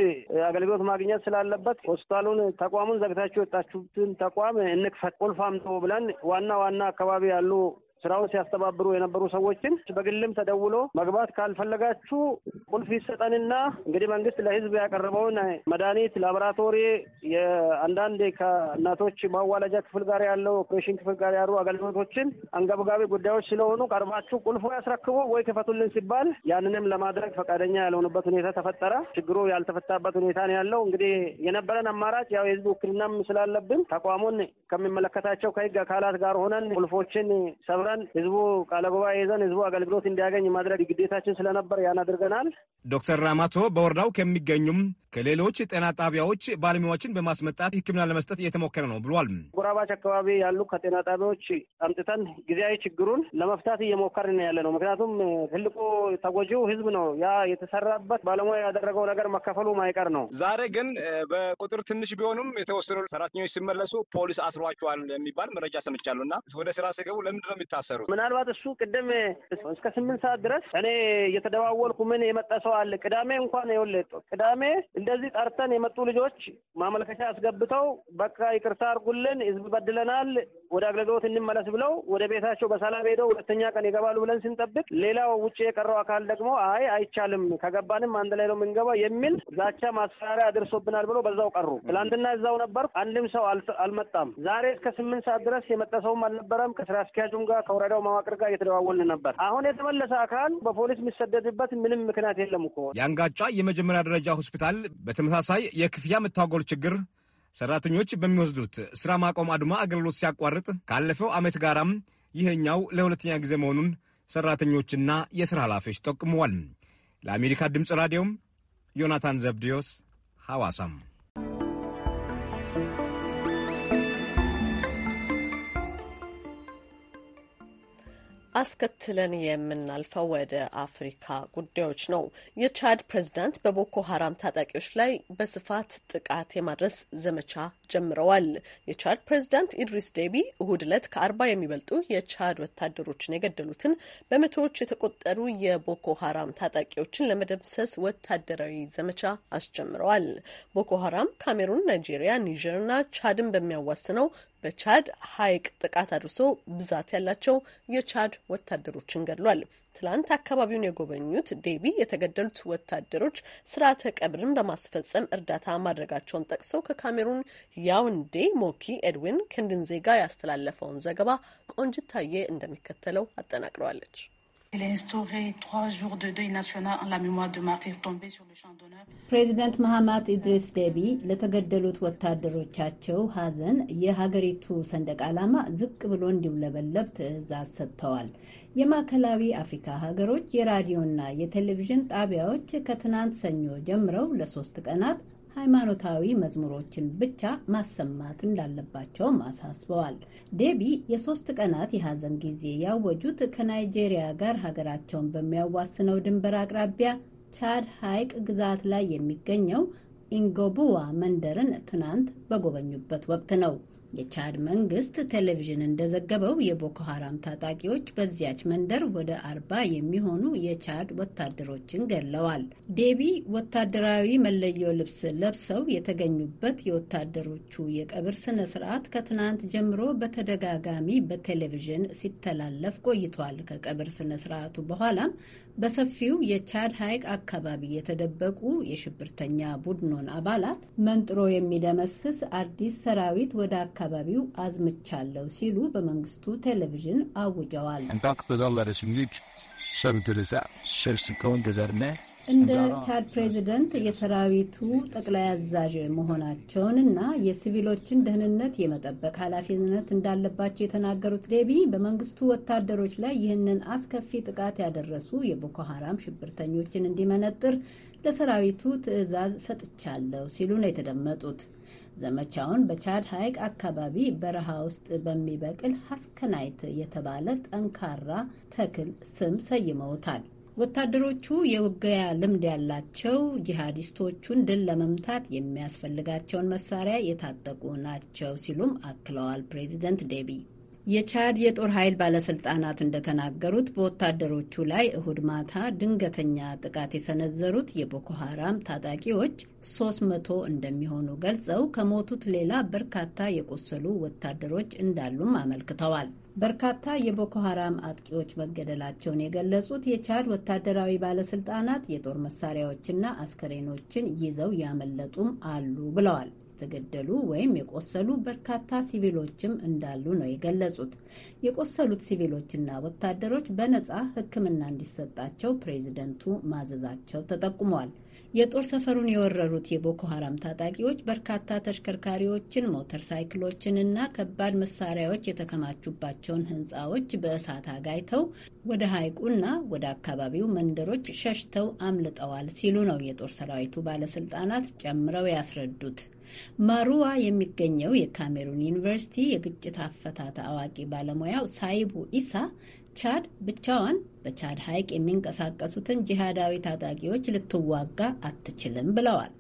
አገልግሎት ማግኘት ስላለበት ሆስፒታሉን፣ ተቋሙን ዘግታችሁ የወጣችሁትን ተቋም እንክፈት ቁልፍ አምጡ ብለን ዋና ዋና አካባቢ ያሉ ስራውን ሲያስተባብሩ የነበሩ ሰዎችን በግልም ተደውሎ መግባት ካልፈለጋችሁ ቁልፍ ይሰጠንና እንግዲህ መንግስት ለህዝብ ያቀረበውን መድኃኒት ላቦራቶሪ የአንዳንድ ከእናቶች ማዋለጃ ክፍል ጋር ያለው ኦፕሬሽን ክፍል ጋር ያሉ አገልግሎቶችን አንገብጋቢ ጉዳዮች ስለሆኑ ቀርባችሁ ቁልፎ ያስረክቡ ወይ ክፈቱልን ሲባል ያንንም ለማድረግ ፈቃደኛ ያልሆኑበት ሁኔታ ተፈጠረ። ችግሩ ያልተፈታበት ሁኔታ ነው ያለው። እንግዲህ የነበረን አማራጭ ያው የህዝብ ውክልናም ስላለብን ተቋሙን ከሚመለከታቸው ከህግ አካላት ጋር ሆነን ቁልፎችን ሰብረ ይዘናል። ህዝቡ ቃለ ጉባኤ ይዘን ህዝቡ አገልግሎት እንዲያገኝ ማድረግ ግዴታችን ስለነበር ያን አድርገናል። ዶክተር ራማቶ በወረዳው ከሚገኙም ከሌሎች ጤና ጣቢያዎች ባለሙያዎችን በማስመጣት ሕክምና ለመስጠት እየተሞከረ ነው ብሏል። ጉራባች አካባቢ ያሉ ከጤና ጣቢያዎች አምጥተን ጊዜያዊ ችግሩን ለመፍታት እየሞከርን ያለ ነው። ምክንያቱም ትልቁ ተጎጂው ህዝብ ነው። ያ የተሰራበት ባለሙያ ያደረገው ነገር መከፈሉ ማይቀር ነው። ዛሬ ግን በቁጥር ትንሽ ቢሆኑም የተወሰኑ ሰራተኞች ሲመለሱ ፖሊስ አስሯቸዋል የሚባል መረጃ ሰምቻለሁ እና ወደ ስራ ሲገቡ ለምንድን ነው የሚታ የታሰሩት? ምናልባት እሱ ቅድም እስከ ስምንት ሰዓት ድረስ እኔ እየተደዋወልኩ ምን የመጣ ሰው አለ ቅዳሜ እንኳን የወለ ቅዳሜ እንደዚህ ጠርተን የመጡ ልጆች ማመልከቻ አስገብተው በቃ ይቅርታ አርጉልን፣ ህዝብ በድለናል፣ ወደ አገልግሎት እንመለስ ብለው ወደ ቤታቸው በሰላም ሄደው ሁለተኛ ቀን ይገባሉ ብለን ስንጠብቅ ሌላው ውጭ የቀረው አካል ደግሞ አይ አይቻልም፣ ከገባንም አንድ ላይ ነው የምንገባው የሚል ዛቻ ማስፈራሪያ አድርሶብናል ብሎ በዛው ቀሩ። ትላንትና እዛው ነበር፣ አንድም ሰው አልመጣም። ዛሬ እስከ ስምንት ሰዓት ድረስ የመጣ ሰውም አልነበረም። ከስራ አስኪያጁም ጋር ከወረዳው መዋቅር ጋር እየተደዋወልን ነበር። አሁን የተመለሰ አካል በፖሊስ የሚሰደድበት ምንም ምክንያት የለም እኮ። የአንጋጫ የመጀመሪያ ደረጃ ሆስፒታል በተመሳሳይ የክፍያ መታጎል ችግር ሰራተኞች በሚወስዱት ስራ ማቆም አድማ አገልግሎት ሲያቋርጥ ካለፈው ዓመት ጋራም ይሄኛው ለሁለተኛ ጊዜ መሆኑን ሰራተኞችና የሥራ ኃላፊዎች ጠቁመዋል። ለአሜሪካ ድምፅ ራዲዮም ዮናታን ዘብዲዮስ ሐዋሳም አስከትለን የምናልፈው ወደ አፍሪካ ጉዳዮች ነው። የቻድ ፕሬዝዳንት በቦኮ ሀራም ታጣቂዎች ላይ በስፋት ጥቃት የማድረስ ዘመቻ ጀምረዋል። የቻድ ፕሬዚዳንት ኢድሪስ ዴቢ እሁድ ዕለት ከአርባ የሚበልጡ የቻድ ወታደሮችን የገደሉትን በመቶዎች የተቆጠሩ የቦኮ ሀራም ታጣቂዎችን ለመደምሰስ ወታደራዊ ዘመቻ አስጀምረዋል። ቦኮ ሀራም ካሜሩን፣ ናይጄሪያ፣ ኒጀርና ቻድን በሚያዋስነው በቻድ ሐይቅ ጥቃት አድርሶ ብዛት ያላቸው የቻድ ወታደሮችን ገድሏል። ትላንት አካባቢውን የጎበኙት ዴቢ የተገደሉት ወታደሮች ስርዓተ ቀብርን በማስፈጸም እርዳታ ማድረጋቸውን ጠቅሰው ከካሜሩን ያውንዴ ሞኪ ኤድዊን ከንድንዜጋ ያስተላለፈውን ዘገባ ቆንጅታዬ እንደሚከተለው አጠናቅረዋለች። ፕሬዚደንት መሐማት ኢድሪስ ዴቢ ለተገደሉት ወታደሮቻቸው ሐዘን የሀገሪቱ ሰንደቅ ዓላማ ዝቅ ብሎ እንዲውለበለብ ትዕዛዝ ሰጥተዋል። የማዕከላዊ አፍሪካ ሀገሮች የራዲዮና የቴሌቪዥን ጣቢያዎች ከትናንት ሰኞ ጀምረው ለሶስት ቀናት ሃይማኖታዊ መዝሙሮችን ብቻ ማሰማት እንዳለባቸውም አሳስበዋል። ዴቢ የሶስት ቀናት የሐዘን ጊዜ ያወጁት ከናይጄሪያ ጋር ሀገራቸውን በሚያዋስነው ድንበር አቅራቢያ ቻድ ሐይቅ ግዛት ላይ የሚገኘው ኢንጎቡዋ መንደርን ትናንት በጎበኙበት ወቅት ነው። የቻድ መንግስት ቴሌቪዥን እንደዘገበው የቦኮ ሀራም ታጣቂዎች በዚያች መንደር ወደ አርባ የሚሆኑ የቻድ ወታደሮችን ገድለዋል። ዴቢ ወታደራዊ መለዮ ልብስ ለብሰው የተገኙበት የወታደሮቹ የቀብር ስነ ስርዓት ከትናንት ጀምሮ በተደጋጋሚ በቴሌቪዥን ሲተላለፍ ቆይቷል። ከቀብር ስነ ስርዓቱ በኋላም በሰፊው የቻድ ሐይቅ አካባቢ የተደበቁ የሽብርተኛ ቡድኑን አባላት መንጥሮ የሚደመስስ አዲስ ሰራዊት ወደ አካባቢው አዝምቻለሁ ሲሉ በመንግስቱ ቴሌቪዥን አውጀዋል። እንደ ቻድ ፕሬዚደንት የሰራዊቱ ጠቅላይ አዛዥ መሆናቸውንና የሲቪሎችን ደህንነት የመጠበቅ ኃላፊነት እንዳለባቸው የተናገሩት ዴቢ በመንግስቱ ወታደሮች ላይ ይህንን አስከፊ ጥቃት ያደረሱ የቦኮ ሀራም ሽብርተኞችን እንዲመነጥር ለሰራዊቱ ትዕዛዝ ሰጥቻለሁ ሲሉ ነው የተደመጡት። ዘመቻውን በቻድ ሐይቅ አካባቢ በረሃ ውስጥ በሚበቅል ሀስከናይት የተባለ ጠንካራ ተክል ስም ሰይመውታል። ወታደሮቹ የውጊያ ልምድ ያላቸው ጂሃዲስቶቹን ድል ለመምታት የሚያስፈልጋቸውን መሳሪያ የታጠቁ ናቸው ሲሉም አክለዋል ፕሬዚደንት ዴቢ የቻድ የጦር ኃይል ባለስልጣናት እንደተናገሩት በወታደሮቹ ላይ እሁድ ማታ ድንገተኛ ጥቃት የሰነዘሩት የቦኮ ሐራም ታጣቂዎች 300 እንደሚሆኑ ገልጸው ከሞቱት ሌላ በርካታ የቆሰሉ ወታደሮች እንዳሉም አመልክተዋል። በርካታ የቦኮ ሐራም አጥቂዎች መገደላቸውን የገለጹት የቻድ ወታደራዊ ባለስልጣናት የጦር መሳሪያዎችና አስከሬኖችን ይዘው ያመለጡም አሉ ብለዋል። የተገደሉ ወይም የቆሰሉ በርካታ ሲቪሎችም እንዳሉ ነው የገለጹት። የቆሰሉት ሲቪሎችና ወታደሮች በነጻ ሕክምና እንዲሰጣቸው ፕሬዚደንቱ ማዘዛቸው ተጠቁመዋል። የጦር ሰፈሩን የወረሩት የቦኮ ሀራም ታጣቂዎች በርካታ ተሽከርካሪዎችን፣ ሞተር ሳይክሎችን እና ከባድ መሳሪያዎች የተከማቹባቸውን ህንፃዎች በእሳት አጋይተው ወደ ሐይቁና ወደ አካባቢው መንደሮች ሸሽተው አምልጠዋል ሲሉ ነው የጦር ሰራዊቱ ባለስልጣናት ጨምረው ያስረዱት። ማሩዋ የሚገኘው የካሜሩን ዩኒቨርሲቲ የግጭት አፈታት አዋቂ ባለሙያው ሳይቡ ኢሳ ቻድ ብቻዋን በቻድ ሐይቅ የሚንቀሳቀሱትን ጂሃዳዊ ታጣቂዎች ልትዋጋ አትችልም ብለዋል።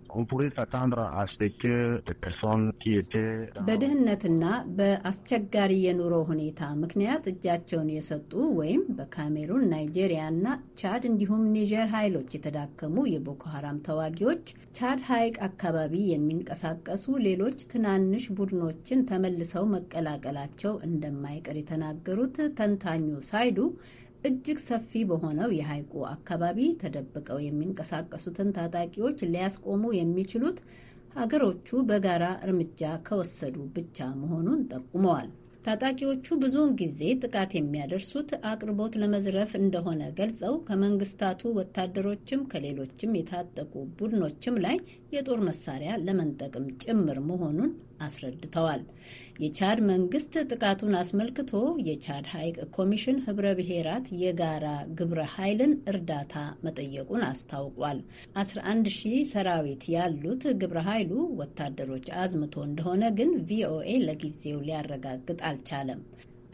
በድህነትና በአስቸጋሪ የኑሮ ሁኔታ ምክንያት እጃቸውን የሰጡ ወይም በካሜሩን ናይጄሪያና ቻድ እንዲሁም ኒጀር ኃይሎች የተዳከሙ የቦኮ ሀራም ተዋጊዎች ቻድ ሐይቅ አካባቢ የሚንቀሳቀሱ ሌሎች ትናንሽ ቡድኖችን ተመልሰው መቀላቀላቸው እንደማይቀር የተናገሩት ተንታኙ ሳይዱ እጅግ ሰፊ በሆነው የሐይቁ አካባቢ ተደብቀው የሚንቀሳቀሱትን ታጣቂዎች ሊያስቆሙ የሚችሉት ሀገሮቹ በጋራ እርምጃ ከወሰዱ ብቻ መሆኑን ጠቁመዋል። ታጣቂዎቹ ብዙውን ጊዜ ጥቃት የሚያደርሱት አቅርቦት ለመዝረፍ እንደሆነ ገልጸው ከመንግስታቱ ወታደሮችም ከሌሎችም የታጠቁ ቡድኖችም ላይ የጦር መሳሪያ ለመንጠቅም ጭምር መሆኑን አስረድተዋል። የቻድ መንግስት ጥቃቱን አስመልክቶ የቻድ ሐይቅ ኮሚሽን ህብረ ብሔራት የጋራ ግብረ ኃይልን እርዳታ መጠየቁን አስታውቋል። 11 ሺህ ሰራዊት ያሉት ግብረ ኃይሉ ወታደሮች አዝምቶ እንደሆነ ግን ቪኦኤ ለጊዜው ሊያረጋግጥ አልቻለም።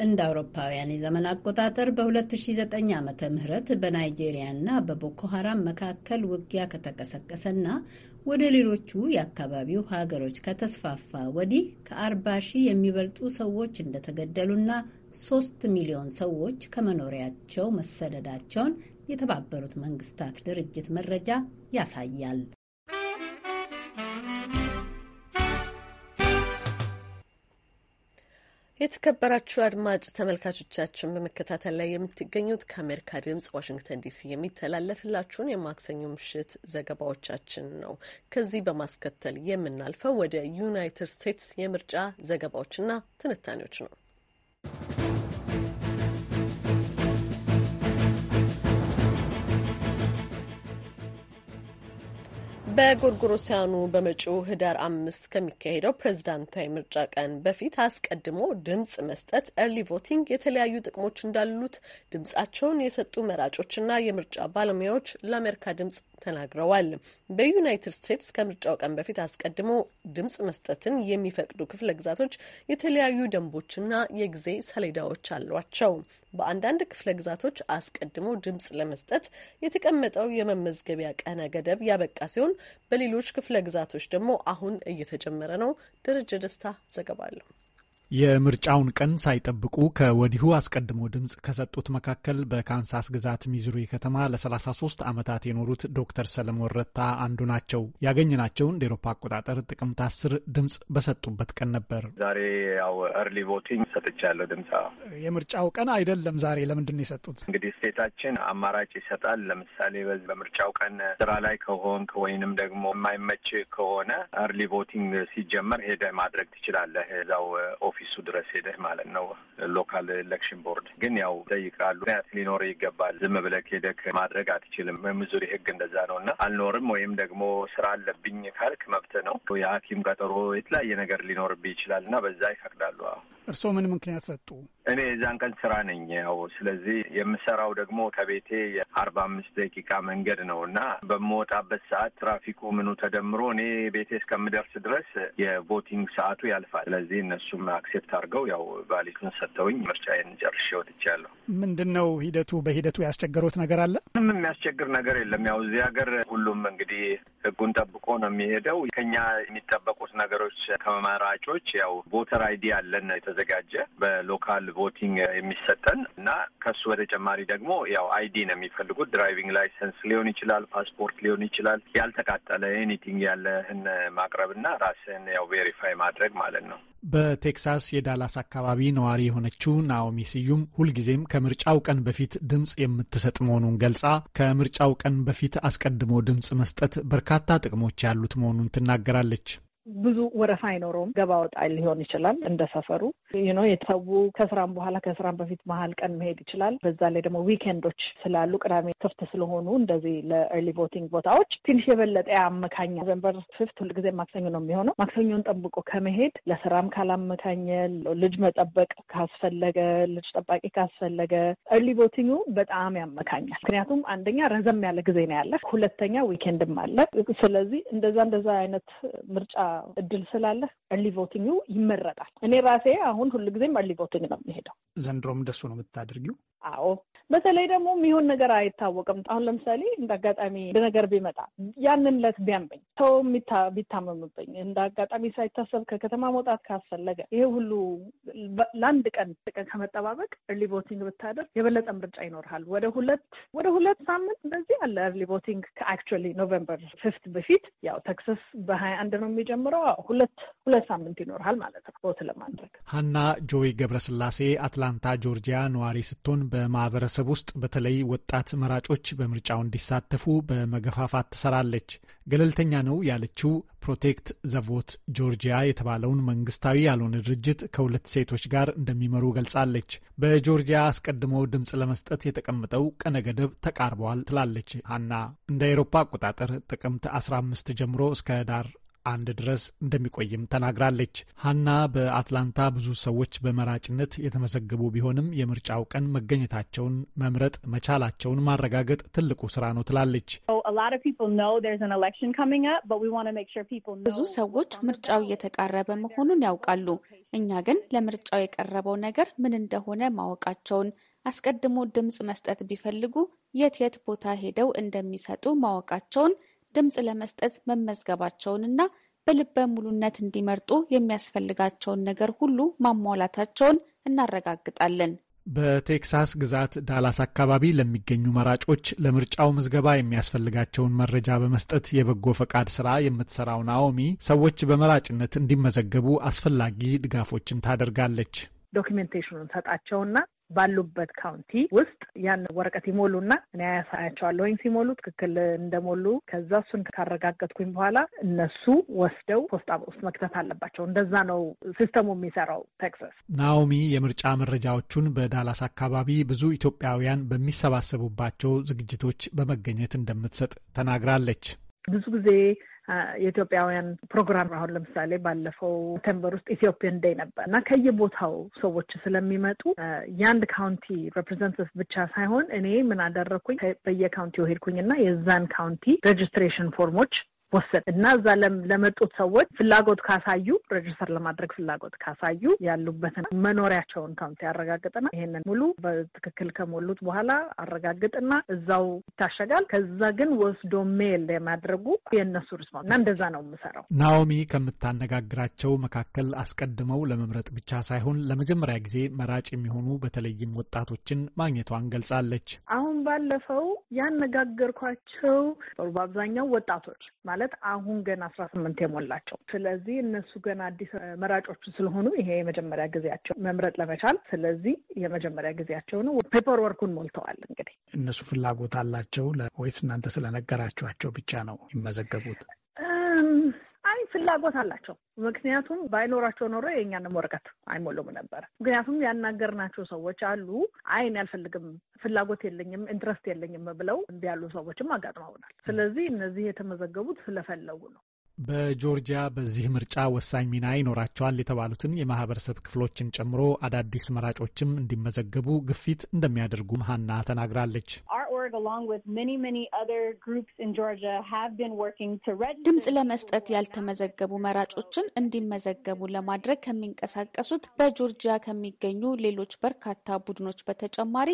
እንደ አውሮፓውያን የዘመን አቆጣጠር በ2009 ዓመተ ምህረት በናይጄሪያና በቦኮ ሀራም መካከል ውጊያ ከተቀሰቀሰና ወደ ሌሎቹ የአካባቢው ሀገሮች ከተስፋፋ ወዲህ ከ ሺህ የሚበልጡ ሰዎች እንደተገደሉና ሶስት ሚሊዮን ሰዎች ከመኖሪያቸው መሰደዳቸውን የተባበሩት መንግስታት ድርጅት መረጃ ያሳያል። የተከበራችሁ አድማጭ ተመልካቾቻችን በመከታተል ላይ የምትገኙት ከአሜሪካ ድምጽ ዋሽንግተን ዲሲ የሚተላለፍላችሁን የማክሰኞ ምሽት ዘገባዎቻችን ነው። ከዚህ በማስከተል የምናልፈው ወደ ዩናይትድ ስቴትስ የምርጫ ዘገባዎችና ትንታኔዎች ነው። በጎርጎሮሲያኑ በመጪው ህዳር አምስት ከሚካሄደው ፕሬዝዳንታዊ ምርጫ ቀን በፊት አስቀድሞ ድምጽ መስጠት ኤርሊ ቮቲንግ የተለያዩ ጥቅሞች እንዳሉት ድምጻቸውን የሰጡ መራጮችና የምርጫ ባለሙያዎች ለአሜሪካ ድምጽ ተናግረዋል። በዩናይትድ ስቴትስ ከምርጫው ቀን በፊት አስቀድሞ ድምጽ መስጠትን የሚፈቅዱ ክፍለ ግዛቶች የተለያዩ ደንቦችና የጊዜ ሰሌዳዎች አሏቸው። በአንዳንድ ክፍለ ግዛቶች አስቀድሞ ድምፅ ለመስጠት የተቀመጠው የመመዝገቢያ ቀነ ገደብ ያበቃ ሲሆን በሌሎች ክፍለ ግዛቶች ደግሞ አሁን እየተጀመረ ነው። ደረጀ ደስታ ዘገባ አለሁ። የምርጫውን ቀን ሳይጠብቁ ከወዲሁ አስቀድሞ ድምፅ ከሰጡት መካከል በካንሳስ ግዛት ሚዙሪ ከተማ ለ33 ዓመታት የኖሩት ዶክተር ሰለሞን ረታ አንዱ ናቸው። ያገኘናቸው እንደ ኤሮፓ አቆጣጠር ጥቅምት አስር ድምፅ በሰጡበት ቀን ነበር። ዛሬ ያው እርሊ ቮቲንግ ሰጥቻለሁ። ድምፅ የምርጫው ቀን አይደለም ዛሬ። ለምንድን ነው የሰጡት? እንግዲህ ስቴታችን አማራጭ ይሰጣል። ለምሳሌ በምርጫው ቀን ስራ ላይ ከሆንክ ወይንም ደግሞ የማይመች ከሆነ እርሊ ቮቲንግ ሲጀመር ሄደህ ማድረግ ትችላለህ እዛው ኦፊ ኦፊሱ ድረስ ሄደህ ማለት ነው። ሎካል ኤሌክሽን ቦርድ ግን ያው ይጠይቃሉ። ምክንያት ሊኖር ይገባል። ዝም ብለህ ሄደህ ማድረግ አትችልም። ሚዙሪ ህግ እንደዛ ነው እና አልኖርም ወይም ደግሞ ስራ አለብኝ ካልክ መብት ነው። የሐኪም ቀጠሮ የተለያየ ነገር ሊኖርብህ ይችላል እና በዛ ይፈቅዳሉ። እርስዎ ምን ምክንያት ሰጡ? እኔ የዛን ቀን ስራ ነኝ። ያው ስለዚህ የምሰራው ደግሞ ከቤቴ የአርባ አምስት ደቂቃ መንገድ ነው እና በምወጣበት ሰዓት ትራፊኩ ምኑ ተደምሮ እኔ ቤቴ እስከምደርስ ድረስ የቮቲንግ ሰዓቱ ያልፋል። ስለዚህ እነሱም አክሴፕት አድርገው ያው ባሊቱን ሰጥተውኝ ምርጫዬን ጨርሼ ወጥቻለሁ። ምንድን ነው ሂደቱ? በሂደቱ ያስቸገሩት ነገር አለ? ምንም የሚያስቸግር ነገር የለም። ያው እዚህ ሀገር ሁሉም እንግዲህ ህጉን ጠብቆ ነው የሚሄደው። ከኛ የሚጠበቁት ነገሮች ከመራጮች ያው ቮተር አይዲ አለን የተዘ የተዘጋጀ በሎካል ቮቲንግ የሚሰጠን እና ከሱ በተጨማሪ ደግሞ ያው አይዲ ነው የሚፈልጉት። ድራይቪንግ ላይሰንስ ሊሆን ይችላል፣ ፓስፖርት ሊሆን ይችላል። ያልተቃጠለ ኤኒቲንግ ያለህን ማቅረብና ራስህን ያው ቬሪፋይ ማድረግ ማለት ነው። በቴክሳስ የዳላስ አካባቢ ነዋሪ የሆነችው ናኦሚ ስዩም ሁልጊዜም ከምርጫው ቀን በፊት ድምፅ የምትሰጥ መሆኑን ገልጻ ከምርጫው ቀን በፊት አስቀድሞ ድምፅ መስጠት በርካታ ጥቅሞች ያሉት መሆኑን ትናገራለች። ብዙ ወረፋ አይኖረውም። ገባ ወጣ ሊሆን ይችላል እንደ ሰፈሩ ነው። የተሰዉ ከስራም በኋላ ከስራም በፊት መሀል ቀን መሄድ ይችላል። በዛ ላይ ደግሞ ዊኬንዶች ስላሉ ቅዳሜ ክፍት ስለሆኑ እንደዚህ ለኤርሊ ቮቲንግ ቦታዎች ትንሽ የበለጠ ያመካኛ ኖቨምበር ፊፍት ሁልጊዜ ማክሰኞ ነው የሚሆነው። ማክሰኞን ጠብቆ ከመሄድ ለስራም ካላመካኘ ልጅ መጠበቅ ካስፈለገ ልጅ ጠባቂ ካስፈለገ ኤርሊ ቮቲንጉ በጣም ያመካኛል። ምክንያቱም አንደኛ ረዘም ያለ ጊዜ ነው ያለ፣ ሁለተኛ ዊኬንድም አለ። ስለዚህ እንደዛ እንደዛ አይነት ምርጫ እድል ስላለህ እርሊ ቮቲንግ ይመረጣል። እኔ ራሴ አሁን ጊዜም እርሊ ቮቲንግ ነው የሚሄደው። ዘንድሮም እንደሱ ነው የምታደርጊው? አዎ በተለይ ደግሞ የሚሆን ነገር አይታወቅም። አሁን ለምሳሌ እንደ አጋጣሚ ነገር ቢመጣ ያንን ለት ቢያምበኝ ሰው ቢታመምብኝ እንደ አጋጣሚ ሳይታሰብ ከከተማ መውጣት ካስፈለገ ይሄ ሁሉ ለአንድ ቀን ቀን ከመጠባበቅ እርሊ ቦቲንግ ብታደርግ የበለጠ ምርጫ ይኖርሃል። ወደ ሁለት ወደ ሁለት ሳምንት እንደዚህ አለ እርሊ ቦቲንግ ከአክቹዋሊ ኖቨምበር ፊፍት በፊት ያው ተክሰስ በሀያ አንድ ነው የሚጀምረው። ሁለት ሁለት ሳምንት ይኖርሃል ማለት ነው ቦት ለማድረግ። ሀና ጆይ ገብረስላሴ አትላንታ ጆርጂያ ነዋሪ ስትሆን በማህበረሰብ ውስጥ በተለይ ወጣት መራጮች በምርጫው እንዲሳተፉ በመገፋፋት ትሰራለች። ገለልተኛ ነው ያለችው ፕሮቴክት ዘቮት ጆርጂያ የተባለውን መንግስታዊ ያልሆነ ድርጅት ከሁለት ሴቶች ጋር እንደሚመሩ ገልጻለች። በጆርጂያ አስቀድሞ ድምፅ ለመስጠት የተቀመጠው ቀነ ገደብ ተቃርበዋል ትላለች ሀና። እንደ አውሮፓ አቆጣጠር ጥቅምት 15 ጀምሮ እስከ ዳር አንድ ድረስ እንደሚቆይም ተናግራለች። ሀና በአትላንታ ብዙ ሰዎች በመራጭነት የተመዘገቡ ቢሆንም የምርጫው ቀን መገኘታቸውን መምረጥ መቻላቸውን ማረጋገጥ ትልቁ ስራ ነው ትላለች። ብዙ ሰዎች ምርጫው እየተቃረበ መሆኑን ያውቃሉ። እኛ ግን ለምርጫው የቀረበው ነገር ምን እንደሆነ ማወቃቸውን አስቀድሞ ድምፅ መስጠት ቢፈልጉ የት የት ቦታ ሄደው እንደሚሰጡ ማወቃቸውን ድምፅ ለመስጠት መመዝገባቸውንና በልበ ሙሉነት እንዲመርጡ የሚያስፈልጋቸውን ነገር ሁሉ ማሟላታቸውን እናረጋግጣለን። በቴክሳስ ግዛት ዳላስ አካባቢ ለሚገኙ መራጮች ለምርጫው ምዝገባ የሚያስፈልጋቸውን መረጃ በመስጠት የበጎ ፈቃድ ስራ የምትሰራው ናኦሚ ሰዎች በመራጭነት እንዲመዘገቡ አስፈላጊ ድጋፎችን ታደርጋለች። ዶኪሜንቴሽኑን ሰጣቸውና ባሉበት ካውንቲ ውስጥ ያን ወረቀት ይሞሉና እኔ ያሳያቸዋለሁ ወይም ሲሞሉ ትክክል እንደሞሉ ከዛ እሱን ካረጋገጥኩኝ በኋላ እነሱ ወስደው ፖስታ ውስጥ መክተት አለባቸው። እንደዛ ነው ሲስተሙ የሚሰራው። ቴክሳስ ናኦሚ የምርጫ መረጃዎቹን በዳላስ አካባቢ ብዙ ኢትዮጵያውያን በሚሰባሰቡባቸው ዝግጅቶች በመገኘት እንደምትሰጥ ተናግራለች። ብዙ ጊዜ የኢትዮጵያውያን ፕሮግራም አሁን ለምሳሌ ባለፈው ሴፕቴምበር ውስጥ ኢትዮጵያን ዴይ ነበር እና ከየቦታው ሰዎች ስለሚመጡ የአንድ ካውንቲ ሬፕሬዘንቲቭ ብቻ ሳይሆን እኔ ምን አደረግኩኝ በየካውንቲው ሄድኩኝ እና የዛን ካውንቲ ሬጅስትሬሽን ፎርሞች ወሰድ እና እዛ ለመጡት ሰዎች ፍላጎት ካሳዩ ሬጅስተር ለማድረግ ፍላጎት ካሳዩ ያሉበትን መኖሪያቸውን ካውንቲ ያረጋግጥና ይሄንን ሙሉ በትክክል ከሞሉት በኋላ አረጋግጥና እዛው ይታሸጋል። ከዛ ግን ወስዶ ሜል የማድረጉ የእነሱ ሪስፖንስ እና እንደዛ ነው የምሰራው። ናኦሚ ከምታነጋግራቸው መካከል አስቀድመው ለመምረጥ ብቻ ሳይሆን ለመጀመሪያ ጊዜ መራጭ የሚሆኑ በተለይም ወጣቶችን ማግኘቷን ገልጻለች። አሁን ባለፈው ያነጋገርኳቸው በአብዛኛው ወጣቶች ማለት ማለት አሁን ገና አስራ ስምንት የሞላቸው ስለዚህ እነሱ ገና አዲስ መራጮቹ ስለሆኑ ይሄ የመጀመሪያ ጊዜያቸው መምረጥ ለመቻል ስለዚህ የመጀመሪያ ጊዜያቸው ነው። ፔፐር ወርኩን ሞልተዋል። እንግዲህ እነሱ ፍላጎት አላቸው ወይስ እናንተ ስለነገራችኋቸው ብቻ ነው ይመዘገቡት? አይ ፍላጎት አላቸው። ምክንያቱም ባይኖራቸው ኖሮ የእኛንም ወረቀት አይሞሉም ነበር። ምክንያቱም ያናገርናቸው ሰዎች አሉ አይን አልፈልግም፣ ፍላጎት የለኝም፣ ኢንትረስት የለኝም ብለው እምቢ ያሉ ሰዎችም አጋጥመውናል። ስለዚህ እነዚህ የተመዘገቡት ስለፈለጉ ነው። በጆርጂያ በዚህ ምርጫ ወሳኝ ሚና ይኖራቸዋል የተባሉትን የማህበረሰብ ክፍሎችን ጨምሮ አዳዲስ መራጮችም እንዲመዘገቡ ግፊት እንደሚያደርጉም ሀና ተናግራለች። ድምፅ ለመስጠት ያልተመዘገቡ መራጮችን እንዲመዘገቡ ለማድረግ ከሚንቀሳቀሱት በጆርጂያ ከሚገኙ ሌሎች በርካታ ቡድኖች በተጨማሪ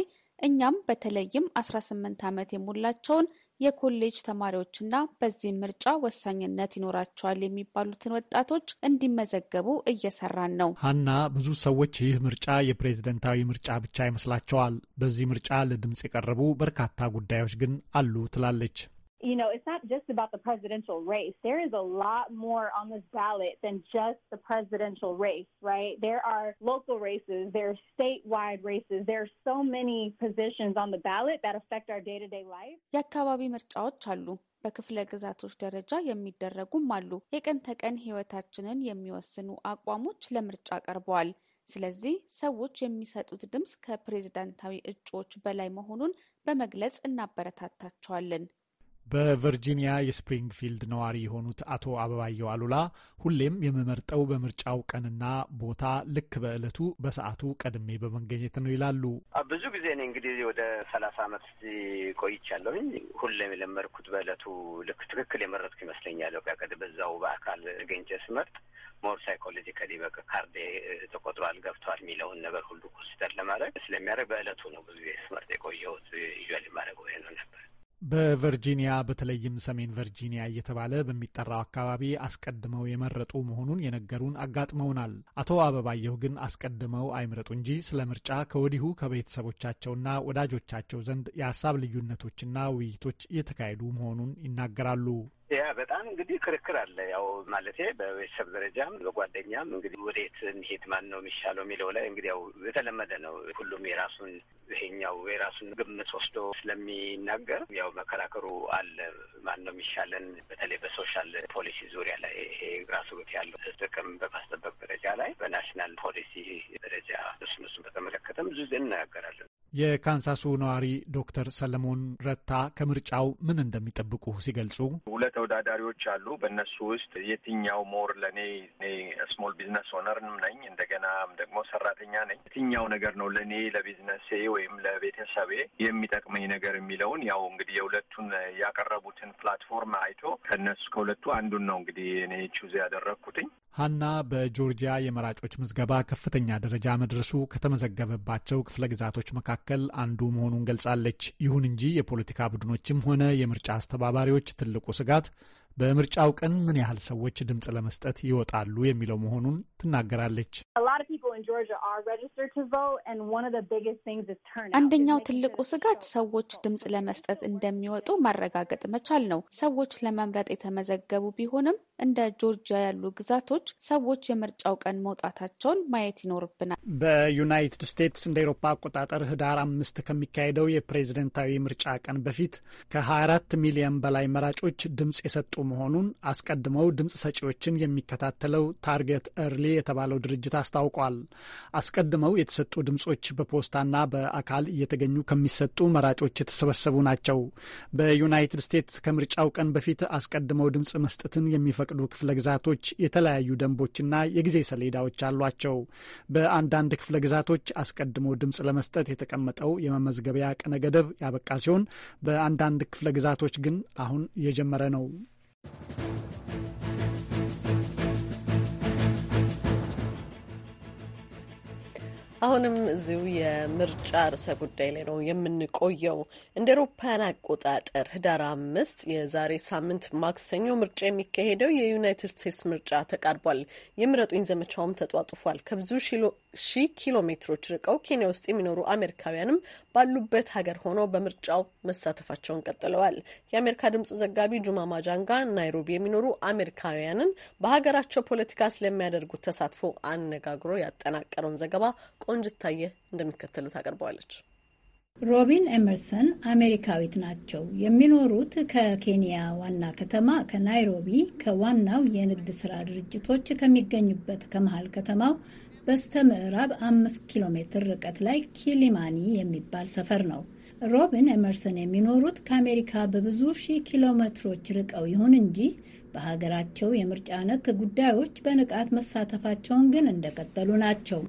እኛም በተለይም 18 ዓመት የሞላቸውን የኮሌጅ ተማሪዎችና በዚህም ምርጫ ወሳኝነት ይኖራቸዋል የሚባሉትን ወጣቶች እንዲመዘገቡ እየሰራን ነው። ሀና፣ ብዙ ሰዎች ይህ ምርጫ የፕሬዝደንታዊ ምርጫ ብቻ ይመስላቸዋል። በዚህ ምርጫ ለድምፅ የቀረቡ በርካታ ጉዳዮች ግን አሉ ትላለች። you know, it's not just about the presidential race. There is a lot more on this ballot than just the presidential race, right? There are local races, there are statewide races, there are so many positions on the ballot that affect our day to day life. የአካባቢ ምርጫዎች አሉ። በክፍለ ግዛቶች ደረጃ የሚደረጉም አሉ። የቀን ተቀን ህይወታችንን የሚወስኑ አቋሞች ለምርጫ ቀርበዋል። ስለዚህ ሰዎች የሚሰጡት ድምፅ ከፕሬዝዳንታዊ እጩዎች በላይ መሆኑን በመግለጽ እናበረታታቸዋለን። በቨርጂኒያ የስፕሪንግፊልድ ነዋሪ የሆኑት አቶ አበባየው አሉላ ሁሌም የምመርጠው በምርጫው ቀንና ቦታ ልክ በእለቱ በሰዓቱ ቀድሜ በመገኘት ነው ይላሉ። ብዙ ጊዜ እኔ እንግዲህ ወደ ሰላሳ ዓመት ቆይቻለሁኝ። ሁሌም የለመድኩት በእለቱ ልክ ትክክል የመረጥኩ ይመስለኛል። ቀቅድ በዛው በአካል ገኝቼ ስመርጥ ሞር ሳይኮሎጂካሊ በቃ ካርዴ ተቆጥሯል ገብቷል የሚለውን ነገር ሁሉ ኮንሲደር ለማድረግ ስለሚያደርግ በእለቱ ነው ብዙ ስመርጥ የቆየሁት። ይዤ ማድረግ ወይ ነው ነበር በቨርጂኒያ በተለይም ሰሜን ቨርጂኒያ እየተባለ በሚጠራው አካባቢ አስቀድመው የመረጡ መሆኑን የነገሩን አጋጥመውናል። አቶ አበባየሁ ግን አስቀድመው አይምረጡ እንጂ ስለ ምርጫ ከወዲሁ ከቤተሰቦቻቸውና ወዳጆቻቸው ዘንድ የሀሳብ ልዩነቶችና ውይይቶች እየተካሄዱ መሆኑን ይናገራሉ። ያ በጣም እንግዲህ ክርክር አለ። ያው ማለቴ በቤተሰብ ደረጃም በጓደኛም እንግዲህ ወዴት እንሄድ ማን ነው የሚሻለው የሚለው ላይ እንግዲህ ያው የተለመደ ነው። ሁሉም የራሱን ይሄኛው የራሱን ግምት ወስዶ ስለሚናገር ያው መከራከሩ አለ። ማን ነው የሚሻለን በተለይ በሶሻል ፖሊሲ ዙሪያ ላይ ይሄ ግራስሩት ያለው ጥቅም በማስጠበቅ ደረጃ ላይ በናሽናል ፖሊሲ ደረጃ እሱን እሱን በተመለከተም ብዙ ጊዜ እናያገራለን። የካንሳሱ ነዋሪ ዶክተር ሰለሞን ረታ ከምርጫው ምን እንደሚጠብቁ ሲገልጹ ሁለት ተወዳዳሪዎች አሉ። በእነሱ ውስጥ የትኛው ሞር ለእኔ እኔ ስሞል ቢዝነስ ኦነርንም ነኝ እንደገናም ደግሞ ሰራተኛ ነኝ። የትኛው ነገር ነው ለእኔ ለቢዝነሴ ወይም ለቤተሰቤ የሚጠቅመኝ ነገር የሚለውን ያው እንግዲህ የሁለቱን ያቀረቡትን ፕላትፎርም አይቶ ከእነሱ ከሁለቱ አንዱን ነው እንግዲህ እኔ ቹዝ ያደረግኩትኝ። ሀና በጆርጂያ የመራጮች ምዝገባ ከፍተኛ ደረጃ መድረሱ ከተመዘገበባቸው ክፍለ ግዛቶች መካከል መካከል አንዱ መሆኑን ገልጻለች። ይሁን እንጂ የፖለቲካ ቡድኖችም ሆነ የምርጫ አስተባባሪዎች ትልቁ ስጋት በምርጫው ቀን ምን ያህል ሰዎች ድምፅ ለመስጠት ይወጣሉ የሚለው መሆኑን ትናገራለች። አንደኛው ትልቁ ስጋት ሰዎች ድምፅ ለመስጠት እንደሚወጡ ማረጋገጥ መቻል ነው። ሰዎች ለመምረጥ የተመዘገቡ ቢሆንም እንደ ጆርጂያ ያሉ ግዛቶች ሰዎች የምርጫው ቀን መውጣታቸውን ማየት ይኖርብናል። በዩናይትድ ስቴትስ እንደ ኤሮፓ አቆጣጠር ህዳር አምስት ከሚካሄደው የፕሬዝደንታዊ ምርጫ ቀን በፊት ከ24 ሚሊዮን በላይ መራጮች ድምፅ የሰጡ መሆኑን አስቀድመው ድምፅ ሰጪዎችን የሚከታተለው ታርጌት እርሊ የተባለው ድርጅት አስታውቋል። አስቀድመው የተሰጡ ድምፆች በፖስታና በአካል እየተገኙ ከሚሰጡ መራጮች የተሰበሰቡ ናቸው። በዩናይትድ ስቴትስ ከምርጫው ቀን በፊት አስቀድመው ድምፅ መስጠትን የሚፈቅዱ ክፍለ ግዛቶች የተለያዩ ደንቦችና የጊዜ ሰሌዳዎች አሏቸው። በአንዳንድ ክፍለ ግዛቶች አስቀድመው ድምፅ ለመስጠት የተቀመጠው የመመዝገቢያ ቀነ ገደብ ያበቃ ሲሆን በአንዳንድ ክፍለ ግዛቶች ግን አሁን እየጀመረ ነው። うん。አሁንም እዚሁ የምርጫ ርዕሰ ጉዳይ ላይ ነው የምንቆየው። እንደ ኤሮፓያን አቆጣጠር ህዳር አምስት የዛሬ ሳምንት ማክሰኞ ምርጫ የሚካሄደው የዩናይትድ ስቴትስ ምርጫ ተቃርቧል። የምረጡኝ ዘመቻውም ተጧጡፏል። ከብዙ ሺህ ኪሎ ሜትሮች ርቀው ኬንያ ውስጥ የሚኖሩ አሜሪካውያንም ባሉበት ሀገር ሆነው በምርጫው መሳተፋቸውን ቀጥለዋል። የአሜሪካ ድምጽ ዘጋቢ ጁማ ማጃንጋ ናይሮቢ የሚኖሩ አሜሪካውያንን በሀገራቸው ፖለቲካ ስለሚያደርጉት ተሳትፎ አነጋግሮ ያጠናቀረውን ዘገባ ቆንጅታየ እንደሚከተሉት አቅርበዋለች። ሮቢን ኤመርሰን አሜሪካዊት ናቸው። የሚኖሩት ከኬንያ ዋና ከተማ ከናይሮቢ ከዋናው የንግድ ስራ ድርጅቶች ከሚገኙበት ከመሃል ከተማው በስተ ምዕራብ አምስት ኪሎ ሜትር ርቀት ላይ ኪሊማኒ የሚባል ሰፈር ነው። ሮቢን ኤመርሰን የሚኖሩት ከአሜሪካ በብዙ ሺህ ኪሎ ሜትሮች ርቀው ይሁን እንጂ በሀገራቸው የምርጫ ነክ ጉዳዮች በንቃት መሳተፋቸውን ግን እንደቀጠሉ ናቸው።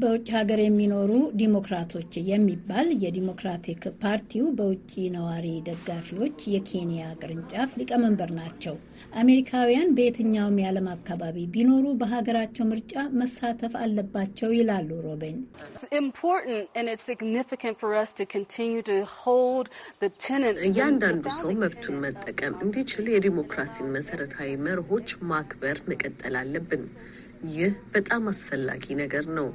በውጭ ሀገር የሚኖሩ ዲሞክራቶች የሚባል የዲሞክራቲክ ፓርቲው በውጭ ነዋሪ ደጋፊዎች የኬንያ ቅርንጫፍ ሊቀመንበር ናቸው። አሜሪካውያን በየትኛውም የዓለም አካባቢ ቢኖሩ በሀገራቸው ምርጫ መሳተፍ አለባቸው ይላሉ ሮቤን። እያንዳንዱ ሰው መብቱን መጠቀም እንዲችል የዲሞክራሲን መሰረታዊ መርሆች ማክበር መቀጠል አለብን። ይህ በጣም አስፈላጊ ነገር ነው።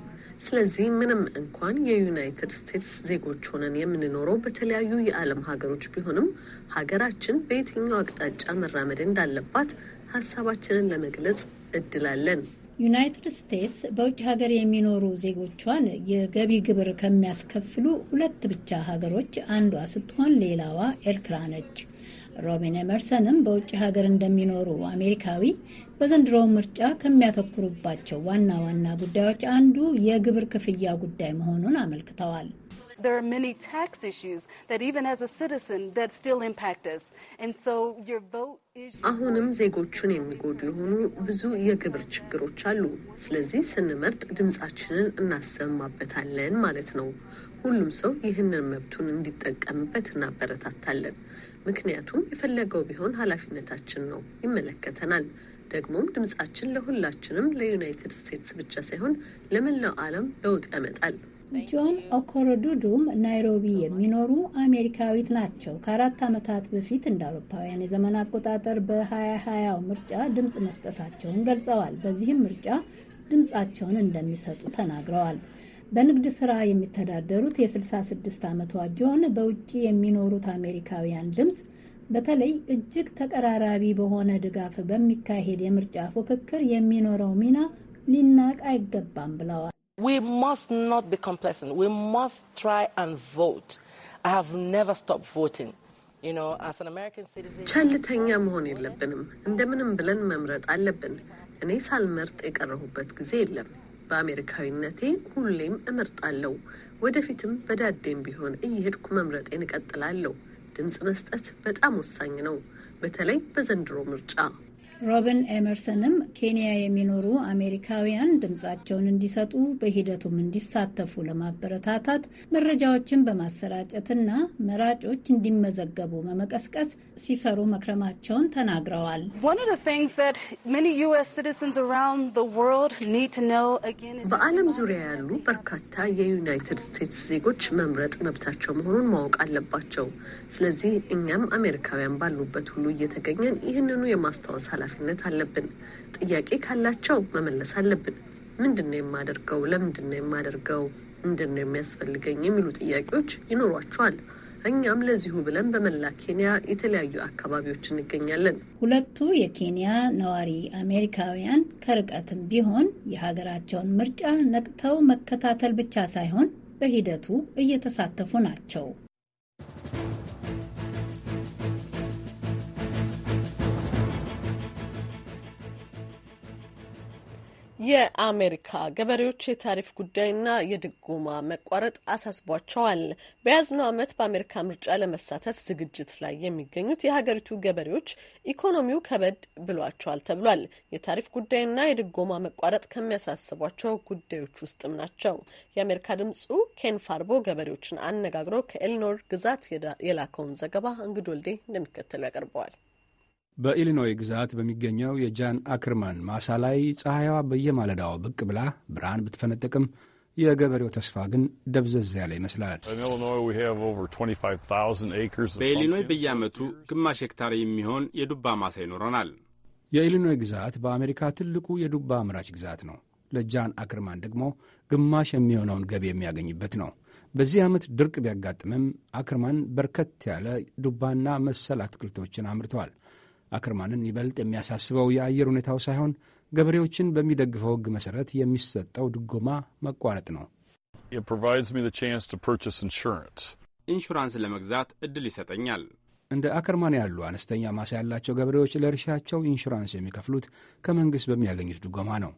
ስለዚህ ምንም እንኳን የዩናይትድ ስቴትስ ዜጎች ሆነን የምንኖረው በተለያዩ የዓለም ሀገሮች ቢሆንም ሀገራችን በየትኛው አቅጣጫ መራመድ እንዳለባት ሀሳባችንን ለመግለጽ እድላለን። ዩናይትድ ስቴትስ በውጭ ሀገር የሚኖሩ ዜጎቿን የገቢ ግብር ከሚያስከፍሉ ሁለት ብቻ ሀገሮች አንዷ ስትሆን ሌላዋ ኤርትራ ነች። ሮቢን ኤመርሰንም በውጭ ሀገር እንደሚኖሩ አሜሪካዊ በዘንድሮው ምርጫ ከሚያተኩሩባቸው ዋና ዋና ጉዳዮች አንዱ የግብር ክፍያ ጉዳይ መሆኑን አመልክተዋል። አሁንም ዜጎቹን የሚጎዱ የሆኑ ብዙ የግብር ችግሮች አሉ። ስለዚህ ስንመርጥ ድምፃችንን እናሰማበታለን ማለት ነው። ሁሉም ሰው ይህንን መብቱን እንዲጠቀምበት እናበረታታለን። ምክንያቱም የፈለገው ቢሆን ኃላፊነታችን ነው፣ ይመለከተናል። ደግሞም ድምፃችን ለሁላችንም ለዩናይትድ ስቴትስ ብቻ ሳይሆን ለመላው ዓለም ለውጥ ያመጣል። ጆን ኦኮሮዱዱም ናይሮቢ የሚኖሩ አሜሪካዊት ናቸው። ከአራት ዓመታት በፊት እንደ አውሮፓውያን የዘመን አቆጣጠር በ2020 ምርጫ ድምፅ መስጠታቸውን ገልጸዋል። በዚህም ምርጫ ድምፃቸውን እንደሚሰጡ ተናግረዋል። በንግድ ስራ የሚተዳደሩት የ66 ዓመቷ ጆን በውጭ የሚኖሩት አሜሪካውያን ድምፅ በተለይ እጅግ ተቀራራቢ በሆነ ድጋፍ በሚካሄድ የምርጫ ፉክክር የሚኖረው ሚና ሊናቅ አይገባም ብለዋል። We must not be complacent. We must try and vote. I have never stopped voting. ቸልተኛ መሆን የለብንም። እንደምንም ብለን መምረጥ አለብን። እኔ ሳልመርጥ የቀረሁበት ጊዜ የለም። በአሜሪካዊነቴ ሁሌም እመርጣለሁ። ወደፊትም በዳዴም ቢሆን እየሄድኩ መምረጤን እቀጥላለሁ። ድምፅ መስጠት በጣም ወሳኝ ነው፣ በተለይ በዘንድሮ ምርጫ ሮቢን ኤመርሰንም ኬንያ የሚኖሩ አሜሪካውያን ድምፃቸውን እንዲሰጡ በሂደቱም እንዲሳተፉ ለማበረታታት መረጃዎችን በማሰራጨትና መራጮች እንዲመዘገቡ በመቀስቀስ ሲሰሩ መክረማቸውን ተናግረዋል። በዓለም ዙሪያ ያሉ በርካታ የዩናይትድ ስቴትስ ዜጎች መምረጥ መብታቸው መሆኑን ማወቅ አለባቸው። ስለዚህ እኛም አሜሪካውያን ባሉበት ሁሉ እየተገኘን ይህንኑ የማስታወስ ኃላፊ ኃላፊነት አለብን። ጥያቄ ካላቸው መመለስ አለብን። ምንድን ነው የማደርገው? ለምንድን ነው የማደርገው? ምንድን ነው የሚያስፈልገኝ? የሚሉ ጥያቄዎች ይኖሯቸዋል። እኛም ለዚሁ ብለን በመላ ኬንያ የተለያዩ አካባቢዎች እንገኛለን። ሁለቱ የኬንያ ነዋሪ አሜሪካውያን ከርቀትም ቢሆን የሀገራቸውን ምርጫ ነቅተው መከታተል ብቻ ሳይሆን በሂደቱ እየተሳተፉ ናቸው። የአሜሪካ ገበሬዎች የታሪፍ ጉዳይና የድጎማ መቋረጥ አሳስቧቸዋል። በያዝነው ዓመት በአሜሪካ ምርጫ ለመሳተፍ ዝግጅት ላይ የሚገኙት የሀገሪቱ ገበሬዎች ኢኮኖሚው ከበድ ብሏቸዋል ተብሏል። የታሪፍ ጉዳይና የድጎማ መቋረጥ ከሚያሳስቧቸው ጉዳዮች ውስጥም ናቸው። የአሜሪካ ድምጹ ኬን ፋርቦ ገበሬዎችን አነጋግሮ ከኤልኖር ግዛት የላከውን ዘገባ እንግድ ወልዴ እንደሚከተሉ ያቀርበዋል። በኢሊኖይ ግዛት በሚገኘው የጃን አክርማን ማሳ ላይ ፀሐይዋ በየማለዳው ብቅ ብላ ብርሃን ብትፈነጠቅም የገበሬው ተስፋ ግን ደብዘዝ ያለ ይመስላል። በኢሊኖይ በየዓመቱ ግማሽ ሄክታር የሚሆን የዱባ ማሳ ይኖረናል። የኢሊኖይ ግዛት በአሜሪካ ትልቁ የዱባ አምራች ግዛት ነው። ለጃን አክርማን ደግሞ ግማሽ የሚሆነውን ገቢ የሚያገኝበት ነው። በዚህ ዓመት ድርቅ ቢያጋጥምም አክርማን በርከት ያለ ዱባና መሰል አትክልቶችን አምርተዋል። አክርማንን ይበልጥ የሚያሳስበው የአየር ሁኔታው ሳይሆን ገበሬዎችን በሚደግፈው ሕግ መሠረት የሚሰጠው ድጎማ መቋረጥ ነው። ኢንሹራንስ ለመግዛት እድል ይሰጠኛል። እንደ አከርማን ያሉ አነስተኛ ማሳ ያላቸው ገበሬዎች ለእርሻቸው ኢንሹራንስ የሚከፍሉት ከመንግሥት በሚያገኙት ድጎማ ነው።